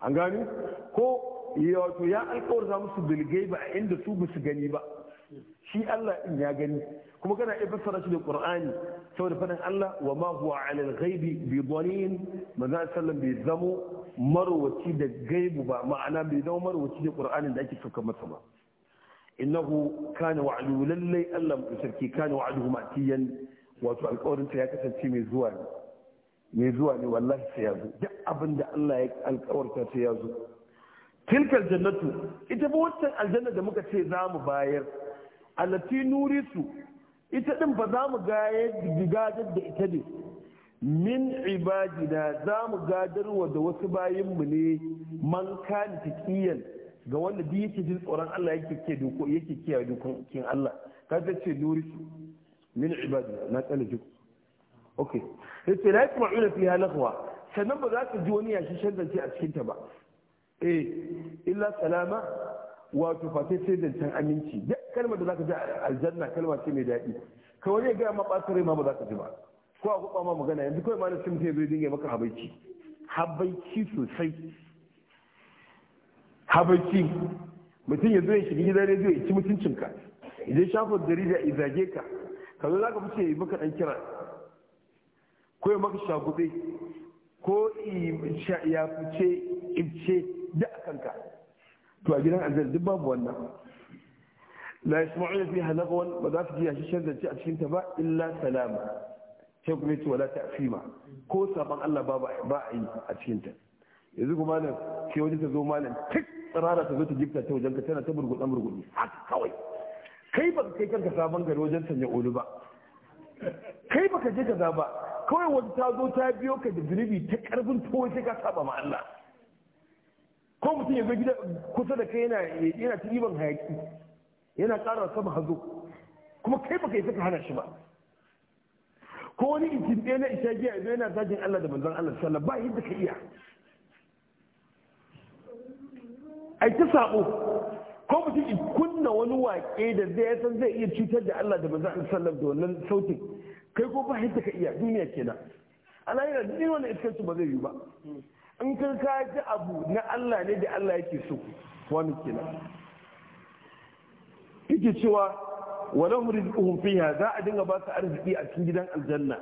an gani ko wato ya alƙawarta musu bilgai ba a inda su ba su gani ba shi Allah in ya gani kuma kana iya fassara shi da kur'ani saboda faɗin Allah wa ma huwa 'alal ghaibi bi dhanin manzo sallam bai zamo marwaci da gaibu ba ma'ana bai zama marwaci da Qur'ani da ake sauka masa ba innahu kana wa'du lallai Allah mutsarki kana wa'duhu matiyan wato alƙawarin ya kasance mai zuwa ne mai zuwa ne wallahi sai ya zo duk abin da Allah ya alkawarta sai ya zo jannatu ita ba wancan aljanna da muka ce za mu bayar allati nurisu ita din ba za mu gadar da ita ne min ibadina za mu gadarwa da wasu mu ne man kani taqiyan ga wanda duk yake jin tsoron Allah yake ke doko yake kiyaye dokokin Allah ka ce nurisu min ibadina na tsala duk ok yace la yasma'una fiha laghwa sannan ba za ka ji wani yashi shazance a cikin ta ba eh illa salama wato fatai sai zancen aminci duk kalmar da za ka ji aljanna kalma ce mai daɗi kawai ya gaya ma ɓata rai ma ba za ka ji ba ko a kuɓa ma magana yanzu kawai ma na sun zai dinga maka habaici habaici sosai habaici mutum ya zo ya shiga gidan rediyo ya ci mutuncinka idan shafin jarida ya zage ka ka zo za ka fice ya maka ɗan kira ko ya maka shagube ko ya fice ibce da a kanka to a gidan aljanna duk babu wannan la yasma'una fiha lagwan ba za su ji yashi shan zance a cikin ta ba illa salama sai kuma yace wala ta'fima ko saban Allah ba ba a yi a cikin ta yanzu kuma nan ke waje ta zo malam tik tsirara ta zo ta jifta ta wajen ka tana ta burgudan burgudi haka kawai kai ba kai kanka sabon gari wajen sanya olu ba kai ba ka je za ba kawai wata ta zo ta biyo ka da zunubi ta karfin tuwo sai ka saba ma Allah ko mutum ya zo gida kusa da kai yana yana ta iban hayaki yana ƙara sama hazo kuma kai baka yi saka hana shi ba ko wani ikin ɗaya na isha giya idan yana zagin Allah da manzon Allah sallallahu ba yadda ka iya ai ta sabo ko mutum in kunna wani waƙe da zai san zai iya cutar da Allah da manzon Allah sallallahu da wannan sautin kai ko ba hinta ka iya duniya kenan a lahira duk wani iskan su ba zai yi ba in ka kaji abu na Allah ne da Allah yake so wani kenan yake cewa walau rizquhum fiha za a dinga ba su arziki a cikin gidan aljanna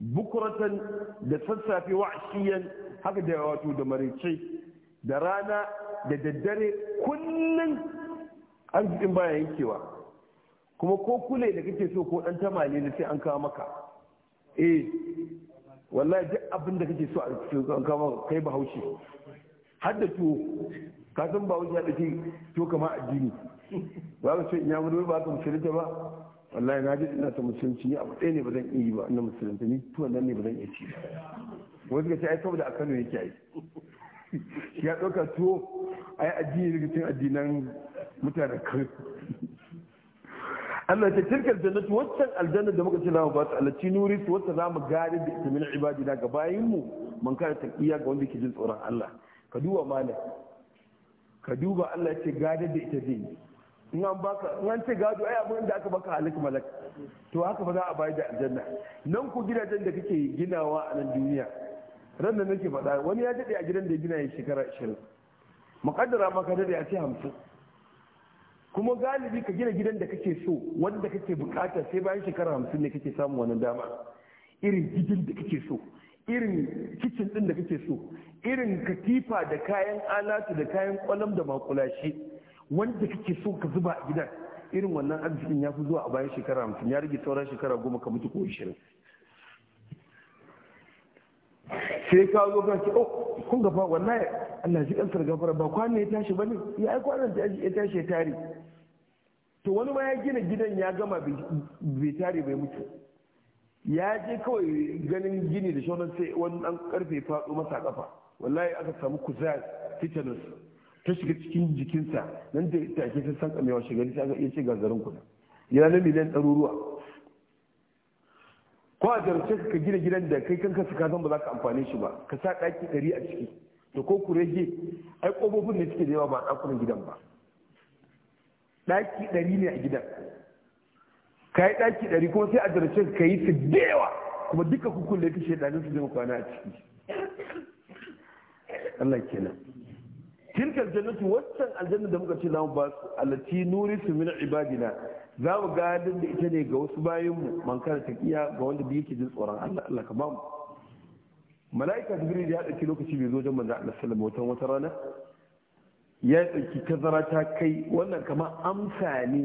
bukuratan da sassafe wa ashiyan haka da wato da marice da rana da daddare kullum arzikin baya yankewa kuma ko kule da kake so ko dan tamale ne sai an kawo maka eh wallahi duk abin da kake so an kawo maka kai bahaushe har da tuwo ka san bahaushe ya dace to kamar addini ba ka ce ina wani ba ka musulunta ba wallahi na ji ina ta musulunci ni abu ɗaya ne ba zan iya yi ba ina musulunta ni tuwon nan ne ba zan iya ci ba wasu ka ce ai saboda a kano yake ai ya ɗauka tuwo ai addini ne cikin addinan mutanen kano Allah ta tilka aljannatu waccan aljanna da muka ce za mu ba ta alati nuri su wacce za mu gari da ita min na ga bayinmu man kana iya ga wanda ke jin tsoron Allah ka duba malam ka duba Allah ya ce gari da ita zai in an baka in an ce gado ai abin da aka baka halik malak to haka ba za a bayar da aljanna nan ku gidajen da kake ginawa a nan duniya ran nan nake faɗa wani ya daɗe a gidan da ya gina ya shekara ashirin muƙaddara ma ka daɗe a ce hamsin kuma galibi ka gina gidan da kake so wanda kake bukata sai bayan shekara hamsin ne kake samun wannan dama irin gidan da kake so irin kicin din da kake so irin katifa da kayan alatu da kayan kwalam da makulashi wanda kake so ka zuba a gidan irin wannan arzikin ya fi zuwa a bayan shekara hamsin ya rage sauran shekara goma ka mutu ko ishirin sai ka zo ka ce oh kun gaba wallahi Allah shi kansar gafara ba kwanan ya tashi bane ya ai kwanan ya tashi ya tare to wani ma ya gina gidan ya gama bai tare bai mutu ya je kawai ganin gini da shonan sai wani dan karfe faɗo masa kafa wallahi aka samu kuzari titanus ta shiga cikin jikinsa nan da ita ke san kamewa shiga sai aka iya ce gazarin kuɗa yana na miliyan ɗaruruwa ko a jarce ka gina gidan da kai kanka su ka ba za ka amfane shi ba ka sa ɗaki ɗari a ciki to ko ku rage ai kofofin da suke da yawa ba ɗakunan gidan ba ɗaki ɗari ne a gidan ka yi ɗaki ɗari kuma sai a zarce ka yi su da yawa kuma duka kukun da kashe ɗanin su zama kwana a ciki Allah kenan tilka aljannatu waccan aljanna da muka ce lamu ba su allati su min ibadina za mu gadin da ita ne ga wasu bayin mu man kana taqiya ga wanda da yake jin tsoron Allah Allah ka ba mu mala'ika jibril ya dauki lokaci bai zo wajen manzo Allah sallallahu alaihi wata rana ya dauki tazara ta kai wannan kamar amsa ne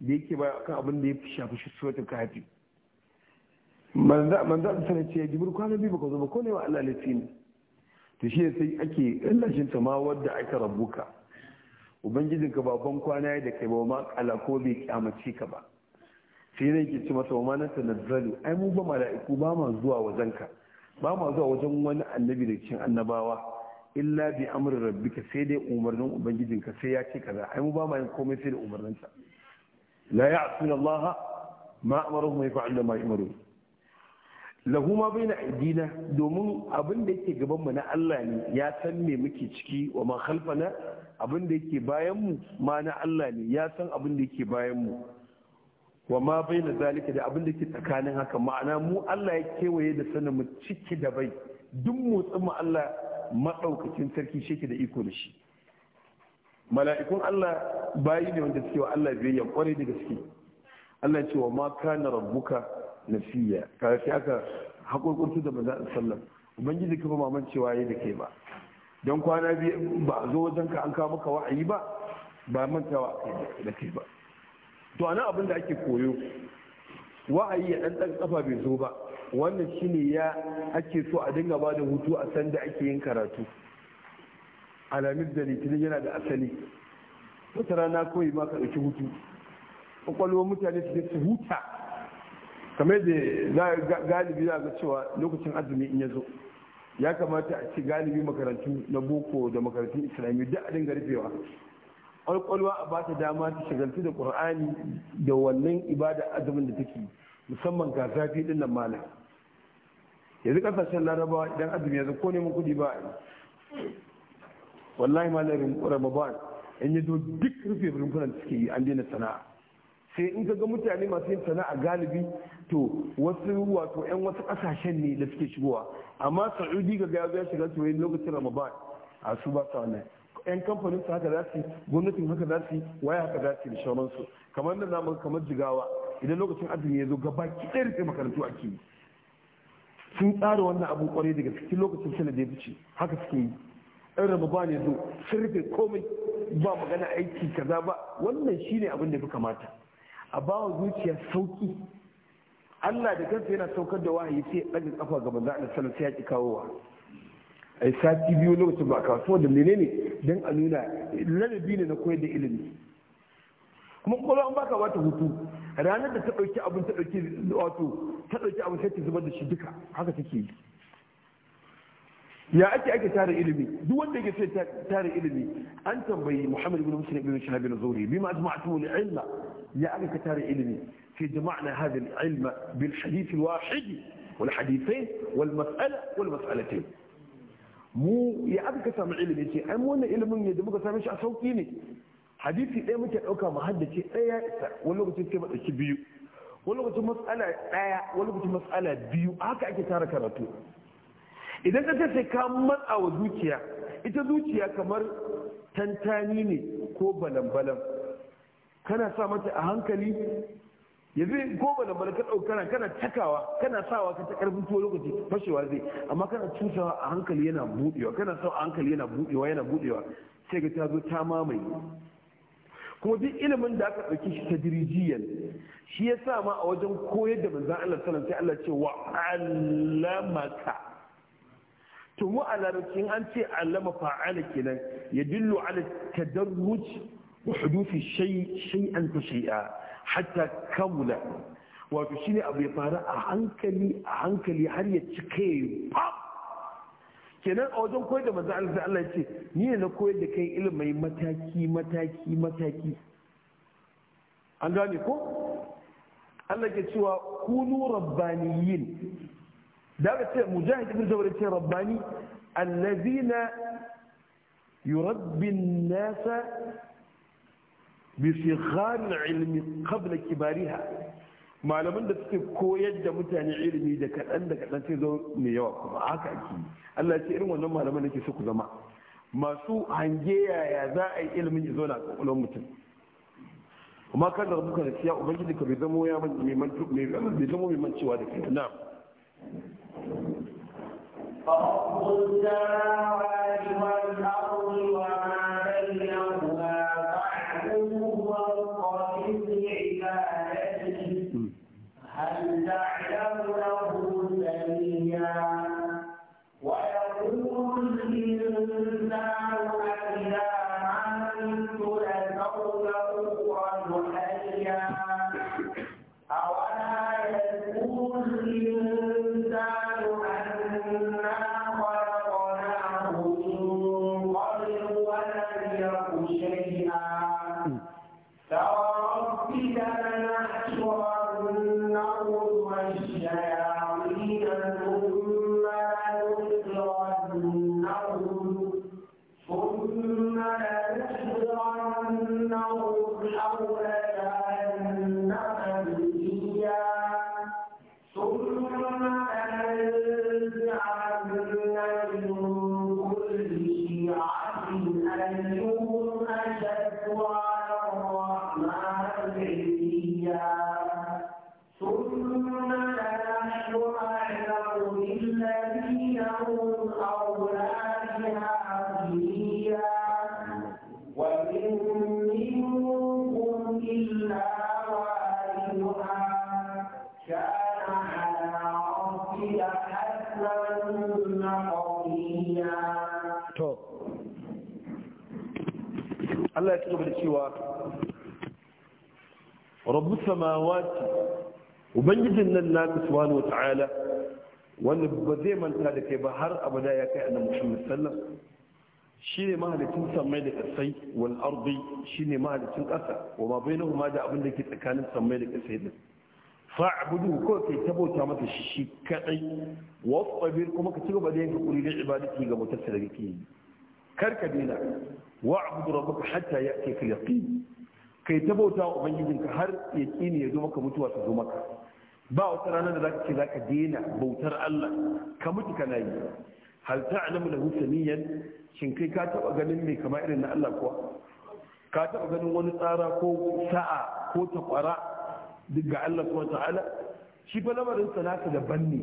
da yake ba kan abin da ya shafi shi suratul kafi manzo manzo Allah sallallahu alaihi jibril kwana biyu baka zo ba ko ne wa Allah laifi ne to shi sai ake lallashin ta ma wadda aka rabuka ka baban kwana da kai ba ma alako ko bai kyamace ka ba sai ne ke ci masa wa ma na tanazzalu ai mu ba mala'iku ba ma zuwa wajenka ba mu zuwa wajen wani annabi da cikin annabawa illa bi amrin rabbika sai dai umarnin ubangijinka sai ya ce kaza ai mu ba mu yin komai sai da umarnin sa la ya'sun Allah ma amaruhu ma yaf'alu ma yamuru lahu ma baina aydina domin abin da yake gaban mu na Allah ne ya san me muke ciki wa ma khalfana abin da yake bayan mu ma na Allah ne ya san abin da yake bayan mu wa ma bai na zalika da abin da ke tsakanin haka ma'ana mu Allah ya kewaye da sanin mu ciki da bai duk motsin mu Allah maɗaukacin sarki shi da iko da shi mala'ikun Allah bayi ne wanda suke wa Allah biyayya kwarai da gaske Allah ya ce wa ma kana rabbuka nasiya ka sai aka hakurkurtu da manzon sallam ubangiji kuma maman cewa yayi da kai ba don kwana biyu ba zo wajenka an kawo maka wa'ayi ba ba mantawa da kai ba to ana abin da ake koyo wa'ayi ya ɗan kafa bai zo ba wannan shine ya ake so a dinga ba da hutu a sanda ake yin karatu alamis da litinin yana da asali wata rana kawai ma ka ɗauki hutu kwakwalwar mutane su su huta kamar da galibi za ga cewa lokacin azumi in ya zo ya kamata a ci galibi makarantu na boko da makarantun islami duk a dinga rufewa ƙwaƙwalwa a ba ta dama ta shagaltu da ƙur'ani da wannan ibada azumin da take musamman ga zafi din nan malam yanzu ƙasashen larabawa idan azumi yanzu ko neman kuɗi ba wallahi malarin ramadan in yi zo duk rufe rumfunan da suke yi an daina sana'a sai in ka ga mutane masu yin sana'a galibi to wasu wato 'yan wasu kasashen ne da suke shigowa amma sa'udi ga ya shiga to lokacin ramadan a su ba sa wannan yan kamfanin su haka za gwamnatin haka za waya haka za su da shauransu kamar da zamu kamar jigawa idan lokacin azumi ya zo gaba ki ɗaya rufe makarantu a ke sun tsara wannan abu kwarai daga cikin lokacin sana da ya fice haka suke yi in ba ne zo sun rufe komai ba magana aiki kaza ba wannan shine abin da ya fi kamata a bawa zuciya sauki Allah da kansa yana saukar da wahayi sai ya ɗaga kafa ga banza Allah sallallahu alaihi sai ya ki kawowa a sati biyu lokacin ba kawo saboda menene don a nuna ladabi ne na koyar da ilimi kuma kwakwalwa an baka wata hutu ranar da ta ɗauki abin ta ɗauki wato ta ɗauki abin sai ta zubar da shi duka haka take yi ya ake ake tara ilimi duk wanda yake sai tara ilimi an tambayi muhammad ibn muslim ibn shahab ibn zuhri bima ajma'tu li ilma ya aka ka tara ilimi fi jama'na hadha al ilma bil hadith al wahid wal hadithain wal mas'ala wal mas'alatayn mu ya aka ka samu ilimi ce ai wannan ilimin ne da muka same shi a sauki ne hadisi ɗaya muke ɗauka mu haddace ɗaya wani lokacin sai matsaki biyu wani lokacin matsala ɗaya wani lokacin matsala biyu haka ake tara karatu idan ka ce sai ka matsa wa zuciya ita zuciya kamar tantani ne ko balan-balan kana sa mata a hankali yanzu ko ba da malaka ɗaukana kana takawa kana sawa ka ta karfin tuwo lokaci fashewa zai amma kana cusawa a hankali yana buɗewa kana a hankali yana buɗewa yana buɗewa sai ga ta zo ta mamaye kuma duk ilimin da aka ɗauki shi ta dirijiyan shi ya sa ma a wajen koyar da manzan Allah sallam sai Allah ce wa alamaka to mu a larabcin an ce alama fa'ala kenan ya dillu ala tadarruj wa hudufi shay'an ta shay'a hatta kaula wato shine abu ya faru a hankali a hankali har ya cika yi kenan a wajen koyar da manzo Allah Allah ya ce ni ne na koyar da kai ilimi mataki mataki mataki an gane ko Allah ke cewa kunu rabbaniyin da ga ce mujahid ibn jabir ce rabbani allazina yurabbi an-nasa bisighar ilmi kabla kibariha malaman da suke koyar da mutane ilimi da kaɗan da kaɗan sai zo mai yawa kuma haka ake Allah ce irin wannan malaman nake so ku zama masu hange yaya za a yi ilimin ya zo na kwakwalwar mutum kuma kan da buka da siya ubangiji ka bai zamo ya bai zamo mai mancewa da kai na فأخذ السماوات والأرض وما cewa rabu samawati ubangijin nan naka subhanahu wata'ala wanda ba zai manta da kai ba har abada ya kai annabi muhammad sallallahu alaihi shine mahalicin samai da kasai wal ardi shine mahalicin kasa wa ma ma da abin da ke tsakanin samai da kasai din fa'budu ko kai bauta mata shi kadai wa tsabir kuma ka ci gaba da yin hakuri da ibadati ga mutar da kake yi karka dina wa'budu rabbaka hatta ya'tika yaqin kai ta bauta wa ubangijinka har yaqini ya zo maka mutuwa ta zo maka ba wata rana da zaka ce zaka daina bautar Allah ka mutu kana yi hal ta'lamu lahu samiyan shin kai ka taba ganin me kamar irin na Allah kuwa ka taba ganin wani tsara ko sa'a ko takwara duk ga Allah subhanahu ta'ala shi fa lamarin sa naka daban ne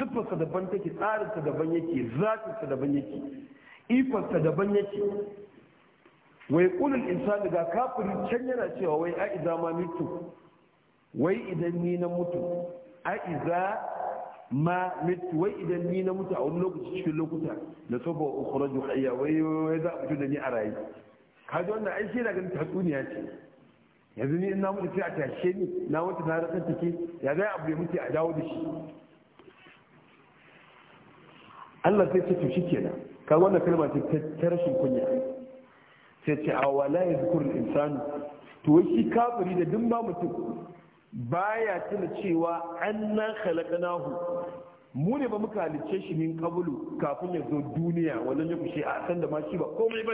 siffarsa daban take tsarinsa daban yake zatinsa daban yake ikonsa daban yake wai kulul insani ga kafiri can yana cewa wai a iza ma mitu wai idan ni na mutu a iza ma mitu wai idan ni na mutu a wani lokaci cikin lokuta da sofa ukura hayya wai wai za a fito da ni a raye kaji wannan ai shi daga tatsuniya ce yanzu ni na mutu sai a tashe ni na mutu na rasar take ya zai abu ya mutu a dawo da shi Allah sai ce to shikenan ka wannan kalma ce ta rashin kunya sai ce a wala ya zukur insani to wai shi kafiri da dun ba mutum baya tuna cewa halaka nahu. mu ne ba muka halicce shi min kabulu kafin ya zo duniya wannan ya kushe a san da ma shi ba komai ba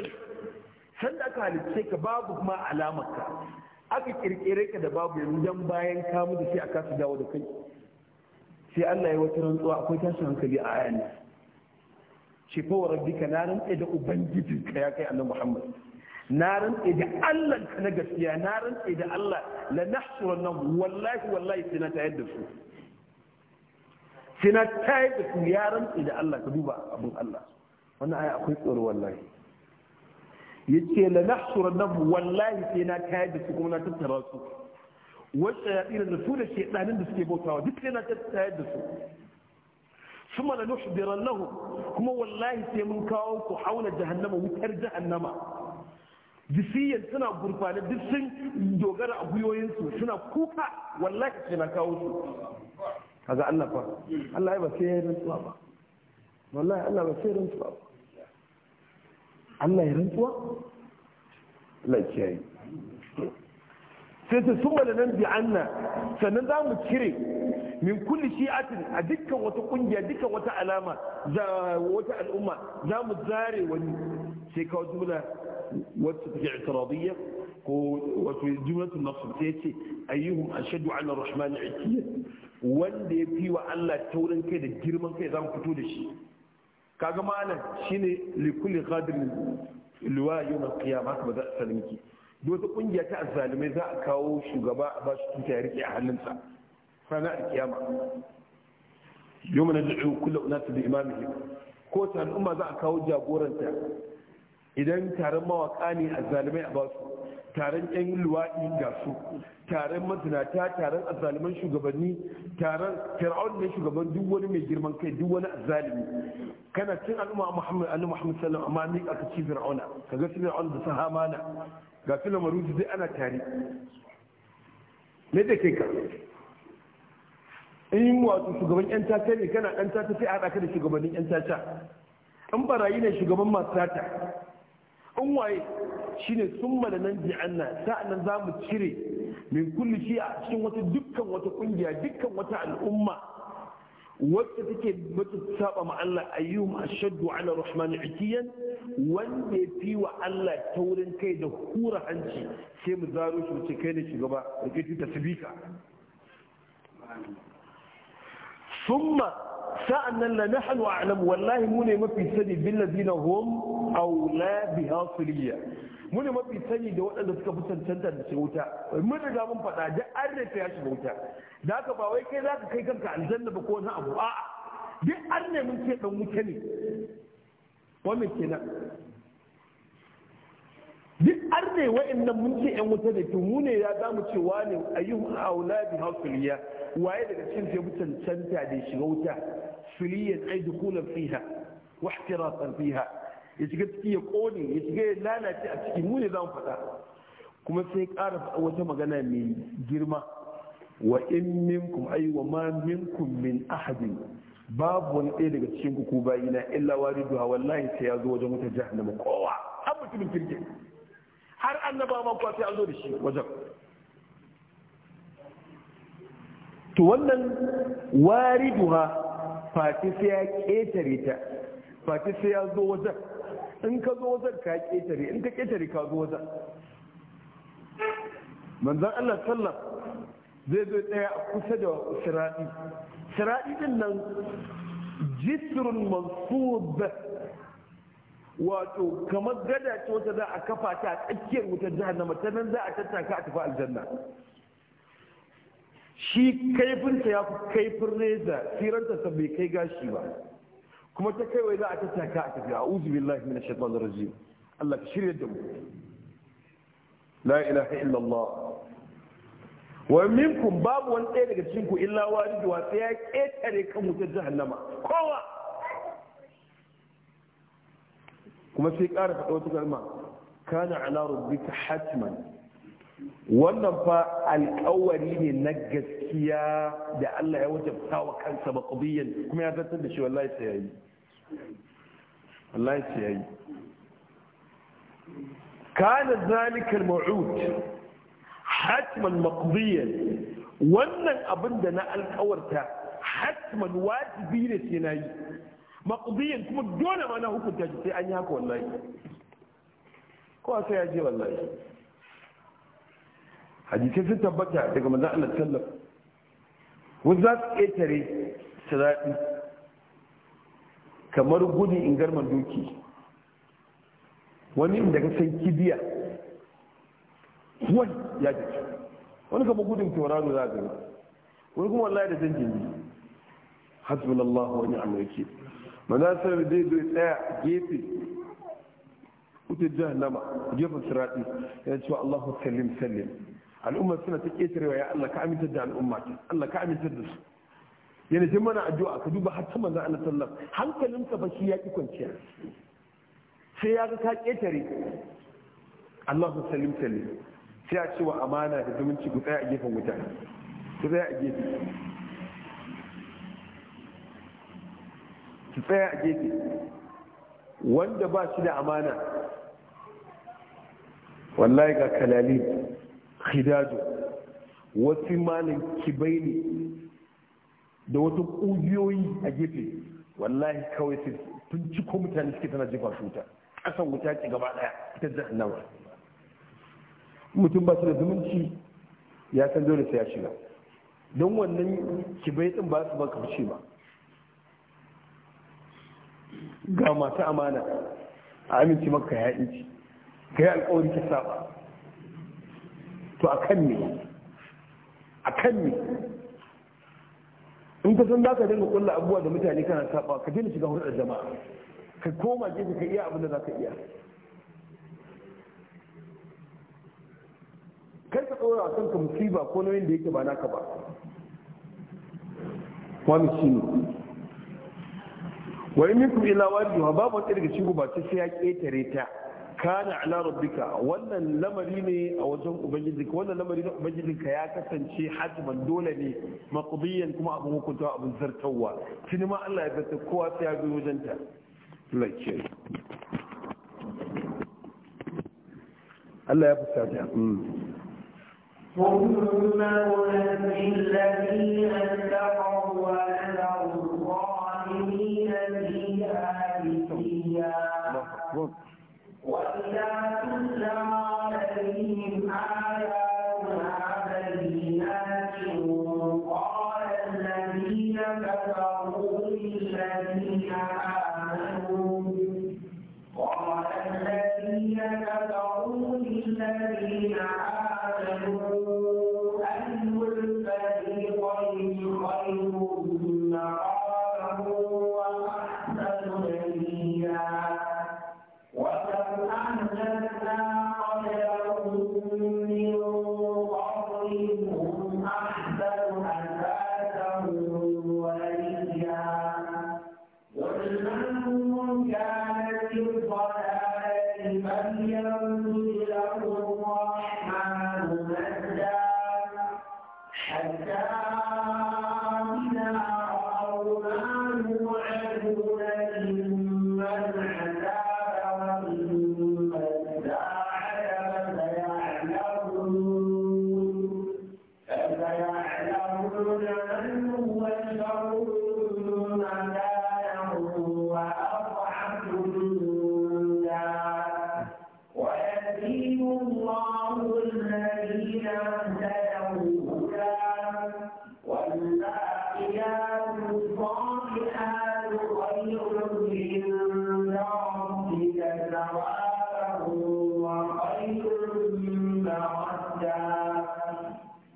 san da aka halicce ka babu kuma alamar ka aka kirkire ka da babu yanzu dan bayan ka da shi a kasu dawo da kai sai Allah ya wata rantsuwa akwai tashin hankali a ayan ce fa rabbika na rantse da ubangiji ka ya kai annabi Muhammad na rantse da Allah ka na gaskiya na rantse da Allah la nahsurannahum wallahi wallahi sai na tayar da su sai na tayar da su ya rantse da Allah ka duba abun Allah wannan aya akwai tsoro wallahi yace la nahsurannahum wallahi sai na tayar da su kuma na tattara su wasu ya tsira da su da shedanin da suke bautawa duk sai na tayar da su ثم لنحضرنهم كما والله سيمن كاوكو حول جهنم وتر جهنم jisiyan suna gurfane duk sun dogara a guyoyinsu suna kuka wallahi sai na kawo su kaga Allah fa Allah ba sai ya rantsuwa ba wallahi Allah ba rantsuwa ba Allah ya rantsuwa ya sai ta suma da nan bi'anna sannan za mu cire min kulli shi'atin a dukkan wata kungiya dukkan wata alama za wata al'umma za mu zare wani sai kawo jumla wata take itiradiyya ko wato jumlatul nasr sai yace ayyuhum ashaddu ala rahman itiyya wanda ya fi wa Allah taurin kai da girman kai za mu fito da shi kaga malam shine li kulli qadrin liwa yawm al-qiyamah ba za a wata kungiya ta azzalumai za a kawo shugaba a basu tuta ya rike a hannunsa sana a kiyama yau mana da'u kula unata da ne ko ta al'umma za a kawo jagoranta idan taron mawaka ne azzalumai a basu taron yan luwaɗi ga su taron mazinata taron azaliman shugabanni taron fir'aun ne shugaban duk wani mai girman kai duk wani azalimi kana cin al'umma muhammad annabi muhammad sallallahu alaihi wasallam amma ni aka ci fir'auna kaga fir'aun da sahamana ga su lamarin zai ana tare me da kai ka in wato shugaban yan tata ne kana dan tata sai a haɗa ka da shugabannin yan tata in barayi ne shugaban masu tata in waye shine sun mana nan ji anna nan za mu cire min kulli shi a cikin wata dukkan wata kungiya dukkan wata al'umma wacce take mutu saba ma Allah ayyuhum ashaddu ala rahman itiyan wanda fi wa Allah taurin kai da hura hanci sai mu zaro shi wuce kai ne shugaba rike shi ta sibika summa sa'annan la nahnu a'lamu wallahi mu ne mafi sani bil ladina hum aw la biha mu ne mafi sani da waɗanda suka fi cancanta da shi wuta mun riga mun faɗa da an rufe ya shiga wuta da ka ba wai kai za ka kai kanka aljanna ba ko wani abu a'a duk an ne mun ce dan wuta ne wannan kenan duk an ne wa'annan mun ce ƴan wuta ne to mu ne ya zamu ce wane ayyuhu aula bi hasuliya waye daga cikin sai fi cancanta da shiga wuta filiyan ai dukulan fiha wa ihtirasan fiha ya shiga ciki ya kone ya shiga ya lalace a ciki mu ne za mu faɗa kuma sai ƙara faɗa wata magana mai girma wa in minkum ayi wa ma minkum min ahadin babu wani ɗaya daga cikin ku bayina illa wariduha wallahi sai ya zo wajen wata jahannama kowa har mutumin kirkin har annaba ma kuwa sai an zo da shi wajen to wannan wariduha fati sai ya ƙetare ta fati sai ya zo wajen in ka zo wajen ka ƙetare in ka ƙetare ka zo wajen manzan Allah sallar zai zo ɗaya a kusa da siraɗi siraɗi din nan jisrun mansub wato kamar gada ce wata za a kafa ta a tsakiyar wutar jahannama ta nan za a tattaka a tafi aljanna shi kaifinta ya fi kaifin reza firanta sa bai kai gashi ba kuma ta kai wai za a tattaka ka a tafi a uzu billahi min shaitan rajim Allah ka shirya da mu la ilaha illallah wa minkum babu wani ɗaya daga cikin ku illa waridu wa sai ya ketare kan wutar jahannama kowa kuma sai ƙara faɗa wata kalma kana ala rabbika hatman wannan fa alƙawari ne na gaskiya da Allah ya wajabta wa kansa maqdiyan kuma ya zartar da shi wallahi sai yayi wallahi ce yayi kana zalikal mau'ud hatman maqdiyan wannan abin da na alkawarta hatman wajibi ne sai na yi maƙudiyan kuma dole mana hukunta shi sai an yi haka wallahi kowa sai ya je wallahi hadisai sun tabbata daga manzan Allah sallam wasu za su ƙetare siraɗi kamar gudun ingarman doki wani inda ka san kibiya wani ya jiki wani kama gudun tauraro za ga wani kuma wallahi da zanjin ne hasbun Allah wani amurki manasar zai zo tsaya gefe wuce jahannama gefen sirati yana cewa Allahu sallim sallim al'ummar suna ta ƙetarewa ya Allah ka amintar da al'umma Allah ka amintar da su yana sai mana addu'a ka duba har ta maza Allah sallallahu alaihi wasallam hankalinka ba shi ya ki kwanciya sai ya ga ka Allah su salim salim sai a cewa amana da zumunci ku tsaya a gefen wuta ku tsaya a gefe ku tsaya a gefe wanda ba shi da amana wallahi ga kalali khidaju wasu malin kibai ne da wata ƙugiyoyi a gefe wallahi kawai sai tun ci ko mutane suke tana jefa shuta ƙasan wuta ce gaba ɗaya ita jahannama mutum ba su da zumunci ya san dole sai ya shiga don wannan kibai din ba su ba ka fice ba ga masu amana a aminci maka ya inci ga yi alkawari ka saba to a kan ne a kan ne in ka san za ka dinga kulla abubuwa da mutane kana saba ka daina shiga hulɗar jama'a ka koma gefe ka iya abin da za ka iya kar ka tsora a kanka musiba ko nauyin da yake ba naka ba wani shi ne Wani in minkum illa waliha babu wata daga shigo ba sai ya ketare ta kana ala rabbika wannan lamari ne a wajen ubangijinka wannan lamari na ubangijinka ya kasance hatiman dole ne maqdiyan kuma abin hukuntawa abin zartawa shi ma Allah ya zata kowa sai ya bi wajen ta lake Allah ya fusata ثم ننجي الذين اتقوا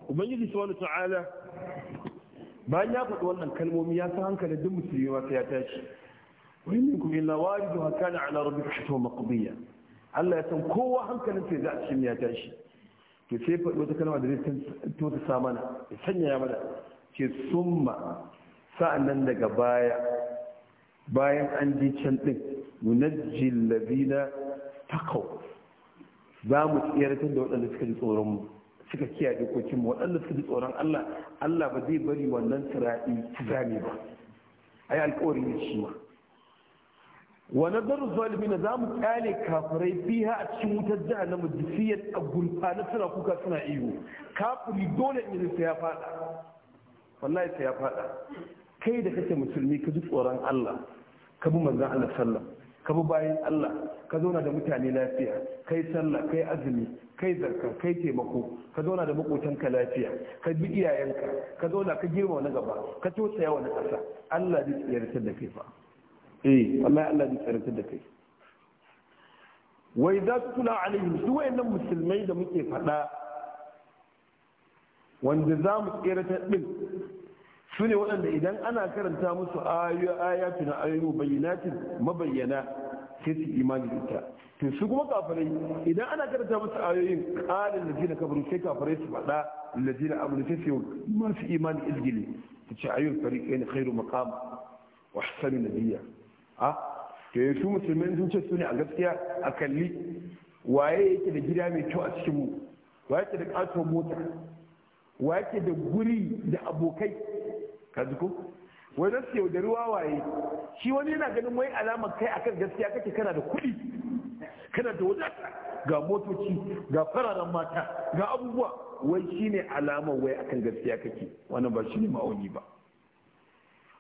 ubangiji subhanahu ta'ala bayan ya faɗi wannan kalmomi ya san hankalin duk musulmi ma sai ya tashi wa in minkum illa waridu hakana ala rabbika hatwa maqdiya Allah ya san kowa hankalin sai za a cikin ya tashi to sai faɗi wata kalma da zai to ta sa mana ya sanya ya mana ke summa nan daga baya bayan an ji can ɗin din munajjil ladina taqaw za mu tseratar da waɗanda suka ji tsoron mu suka kiyaye dokokin mu waɗanda suka ji tsoron Allah Allah ba zai bari wannan tsirai su zame ba ai alƙawari ne shi ma wa nadaru zalimina za mu kyale kafirai biha a cikin wutar jahannamu jisiyar a na suna kuka suna iyo kafiri dole ne sai ya fada wallahi sai ya fada kai da kake musulmi ka ji tsoron Allah ka bi manzon Allah sallallahu ka bi bayan Allah ka zauna da mutane lafiya kai sallah kai azumi kai zarka kai taimako ka zauna da makotanka lafiya ka bi iyayenka ka zauna ka girma wani gaba ka yawa wani ƙasa Allah zai tsayartar da kai fa eh wallahi Allah zai tsayartar da kai wa idza tula alaihim su wayannan musulmai da muke faɗa wanda za mu ta din su ne waɗanda idan ana karanta musu ayatu na ayoyi bayyanatin mabayyana sai su imani da ita to su kuma kafirai idan ana karanta musu ayoyin ƙalin lajina kafirin sai kafirai su faɗa lajina abin sai su masu imani izgili ta ce ayyun fariƙai na khairu maqam wa hasanu nabiyya a to yanzu musulmai sun ce su ne a gaskiya a kalli waye yake da gida mai kyau a cikin mu waye yake da ƙatuwar mota waye yake da guri da abokai ka ko wai nasu yaudari wawaye shi wani yana ganin wai alama kai akan gaskiya kake kana da kuɗi kana da wadata ga motoci ga fararen mata ga abubuwa wai shi ne alama wai akan gaskiya kake wannan ba shi ne ma'auni ba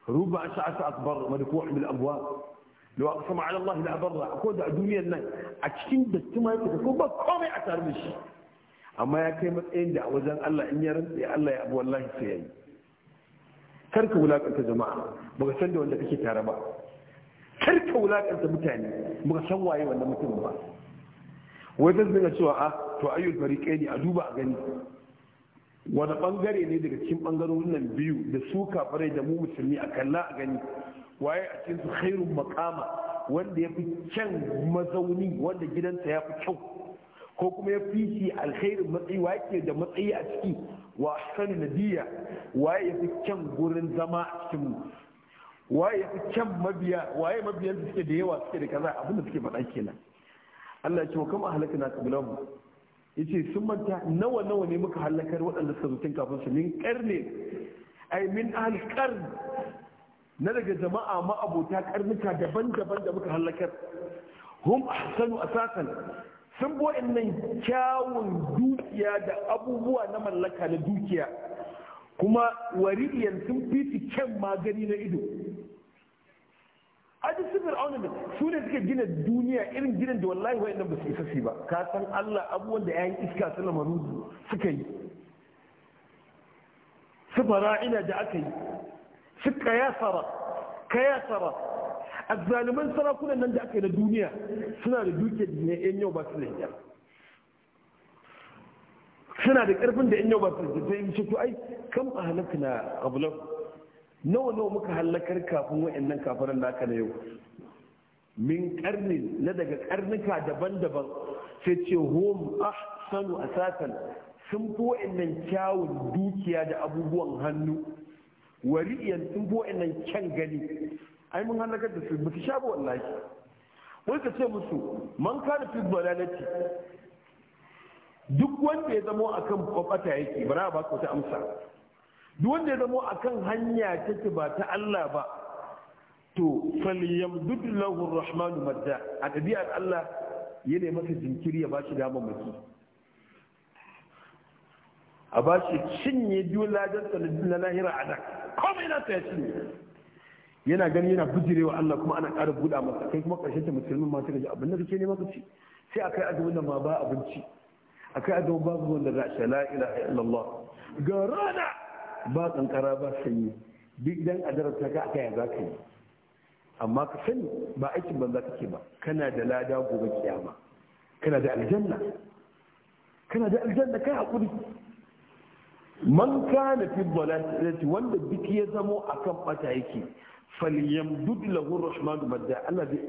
ruba sha'asa akbar madkuh bil abuwa da wa kusa ala Allah da abarra a da a duniyar nan a cikin datti ma yake ko ba komai a tare da shi amma ya kai matsayin da a wajen Allah in ya rantsa Allah ya wallahi sai yayi kar ka wulakanta jama'a baka san da wanda kake tare ba kar ka wulakanta mutane baka san waye wanda mutum ba wai zan dinga cewa a ah, to ayyul ne, a duba a gani wani bangare ne daga cikin bangarorin nan biyu da su kafirai da mu musulmi a kalla a gani waye a cikin su khairun maqama wanda yafi kyan mazauni wanda gidansa yafi kyau ko kuma ya fi shi alkhairin matsayi wa yake da matsayi a ciki wa ahsanu nadiya waye ya fi kyan gurin zama a cikin mu waye ya fi kyan mabiya waye mabiyan suke da yawa suke da kaza abin da suke faɗa kenan Allah ya ce wa kama halakana kabilan mu yace sun manta nawa nawa ne muka halakar waɗanda suka zutun kafin su min karne ai min ahli na daga jama'a ma'abota karnuka daban-daban da muka halakar hum ahsanu asasan sun bi nan kyawun dukiya da abubuwa na mallaka na dukiya kuma wariyan sun fiti kyan magani na ido aji su fir'auna auna su ne suka gina duniya irin gidan da wallahi nan ba su isa ba ka san allah abubuwan da 'ya'yan iska su lamaru suka yi su fara'ina da aka yi su kayasara kayasara azzaliman sarakunan nan da aka yi na duniya suna da duke da yan yau ba su da suna da karfin da yan yau ba su da sai ce cikin ai kam a halatta na abulan nawa nawa muka halakar kafin wa'annan kafaran naka na yau min karni na daga karnuka daban-daban sai ce hum a asasan sun fi wa'annan kyawun dukiya da abubuwan hannu wari'iyan sun fi wa'annan kyan gani ai mun halakar da su ba su sha wallahi wai ka ce musu man kana fi balalati duk wanda ya zamo akan kwakwata yake bara ba ku ta amsa duk wanda ya zamo akan hanya take ba ta Allah ba to falyamdud lahu arrahmanu madda a ɗabi'ar Allah ya ne masa jinkiri ya ba shi damar maki a ba shi cinye biyu ladarsa na lahira a nan komai na ta ya cinye yana gani yana wa Allah kuma ana ƙara buɗa masa kai kuma ƙarshen ta musulmin ma ta gaji abin da kake nema ka ci sai akai azumin da ma ba abinci akai azumin babu wanda za a sha la ilaha illallah ga rana ba kankara ba sanyi duk dan adarar ta ga akai za ka yi amma ka sani ba aikin banza kake ba kana da lada gobe kiyama kana da aljanna kana da aljanna kai hakuri man kana fi dhalalati wanda duk ya zamo akan bata yake falyamdud lahu rahmanu madda Allah zai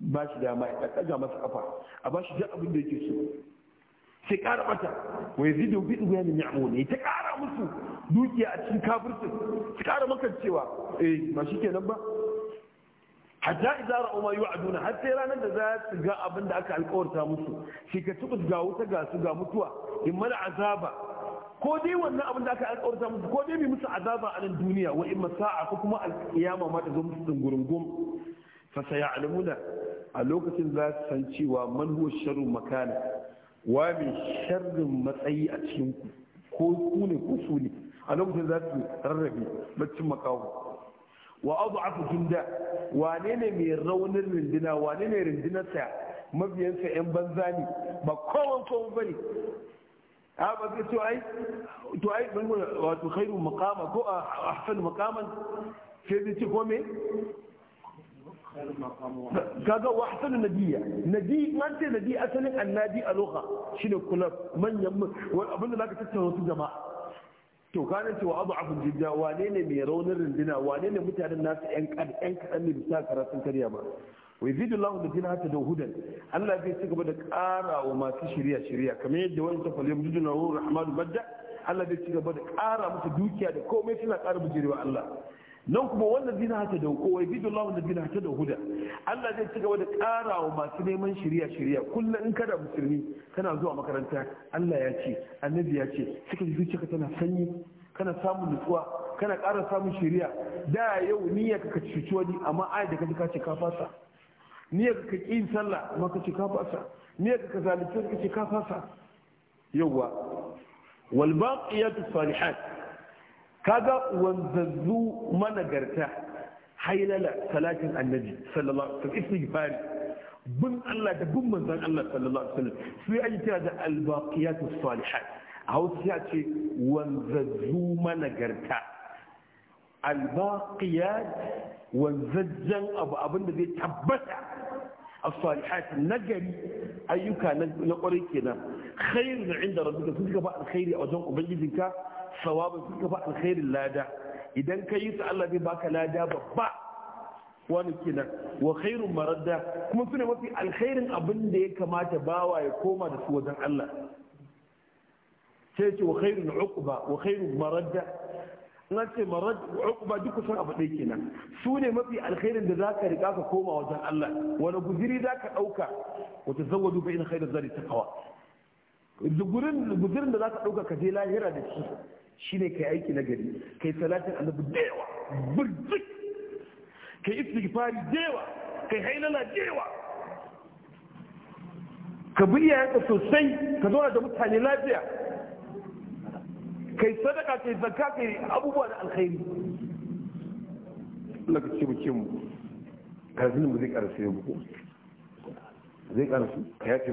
ba shi dama ya ɗaga masa kafa a ba shi duk abin da yake so sai ƙara mata wa yazidu bi ibyan ni'mun ne ta ƙara musu dukiya a cikin kafircin su ƙara cewa eh ba kenan ba hatta idza ra'u ma yu'aduna har sai ranar da za su ga abin da aka alƙawarta musu shi ka tubus ga wuta ga su ga mutuwa in mana azaba ko dai wannan abin da aka alƙawarta musu ko dai bi musu azaba a nan duniya wa imma sa'a ko kuma alƙiyama ma da zo musu dungurungum fa sayalamuna a lokacin za su san cewa man huwa sharru makana wa bi sharrin matsayi a cikin ku ko ku ne ko su ne a lokacin za su rarrabe baccin makawo wa adu'afu junda wane ne mai raunin rindina wane ne rindinarsa mabiyansa yan banza ne ba kowan kowan bane a ah, ba ka ce ai to ai ban wato khairu maqama ko ahsan maqaman sai zai ce ko me kaga wa ahsanu nabiyya nabi man ce nabi asalin annabi a lokha shine kula manyan abinda zaka tattauna su jama'a to kanin cewa abu abu jidda wane ne mai raunin rindina, wane ne mutanen nasu yan kadan ne bisa karatun karya ba wai zidu lahu da jina ta da Allah zai ci gaba da ƙara wa masu shirya shirya kamar yadda wani ta falim dudu na ruwan rahmanu Allah zai ci gaba da ƙara musu dukiya da komai suna ƙara bijirewa Allah nan kuma wannan zina ta da wai zidu lahu da jina ta da Allah zai ci gaba da ƙara wa masu neman shirya shirya kullum in kada musulmi kana zuwa makaranta Allah ya ce annabi ya ce suka ji tana sanyi kana samu nutsuwa kana ƙara samun shiriya da yau niyyar ka cuci wani amma ai da ka ka ka fasa niyyar ka ƙi yin sallah amma ka ce ka fasa niyyar ka zalunce ka ce ka fasa yawwa wal baqiyatu salihat kaga wanzazzu managarta hailala salatin annabi sallallahu alaihi wasallam istighfari bin Allah da bin manzon Allah sallallahu alaihi wasallam su yi kira da al baqiyatu salihat a hausa ya ce wanzazzu managarta al baqiyat wanzajjen abu abin da zai tabbata a salihat nagari ayyuka na kwarai kenan khairu da inda rabbika sun ka ba alkhairi a wajen ubangijinka sawabin sun ka ba alkhairin lada idan ka yi su Allah zai baka lada babba wani kenan wa khairun maradda kuma suna mafi alkhairin abin da ya kamata bawa ya koma da su wajen Allah sai ce wa khairun uqba wa khairun maradda na ce marar ba duk kusan abu ɗaya kenan su ne mafi alkhairin da za ka riga ka koma wajen Allah wani guziri za ka ɗauka wata zawadu bai in khairar zari ta kawa guzirin da za ka ɗauka ka je lahira da shi shine kai aiki na gari kai salatin annabi da yawa burjik kai istighfari da yawa kai hailala da yawa ka bi iyayenka sosai ka zauna da mutane lafiya kai sadaka kai zakka kai abubuwa da alkhairi Allah ka ce mu ce mu karfin mu zai karfe mu zai karfi ya yace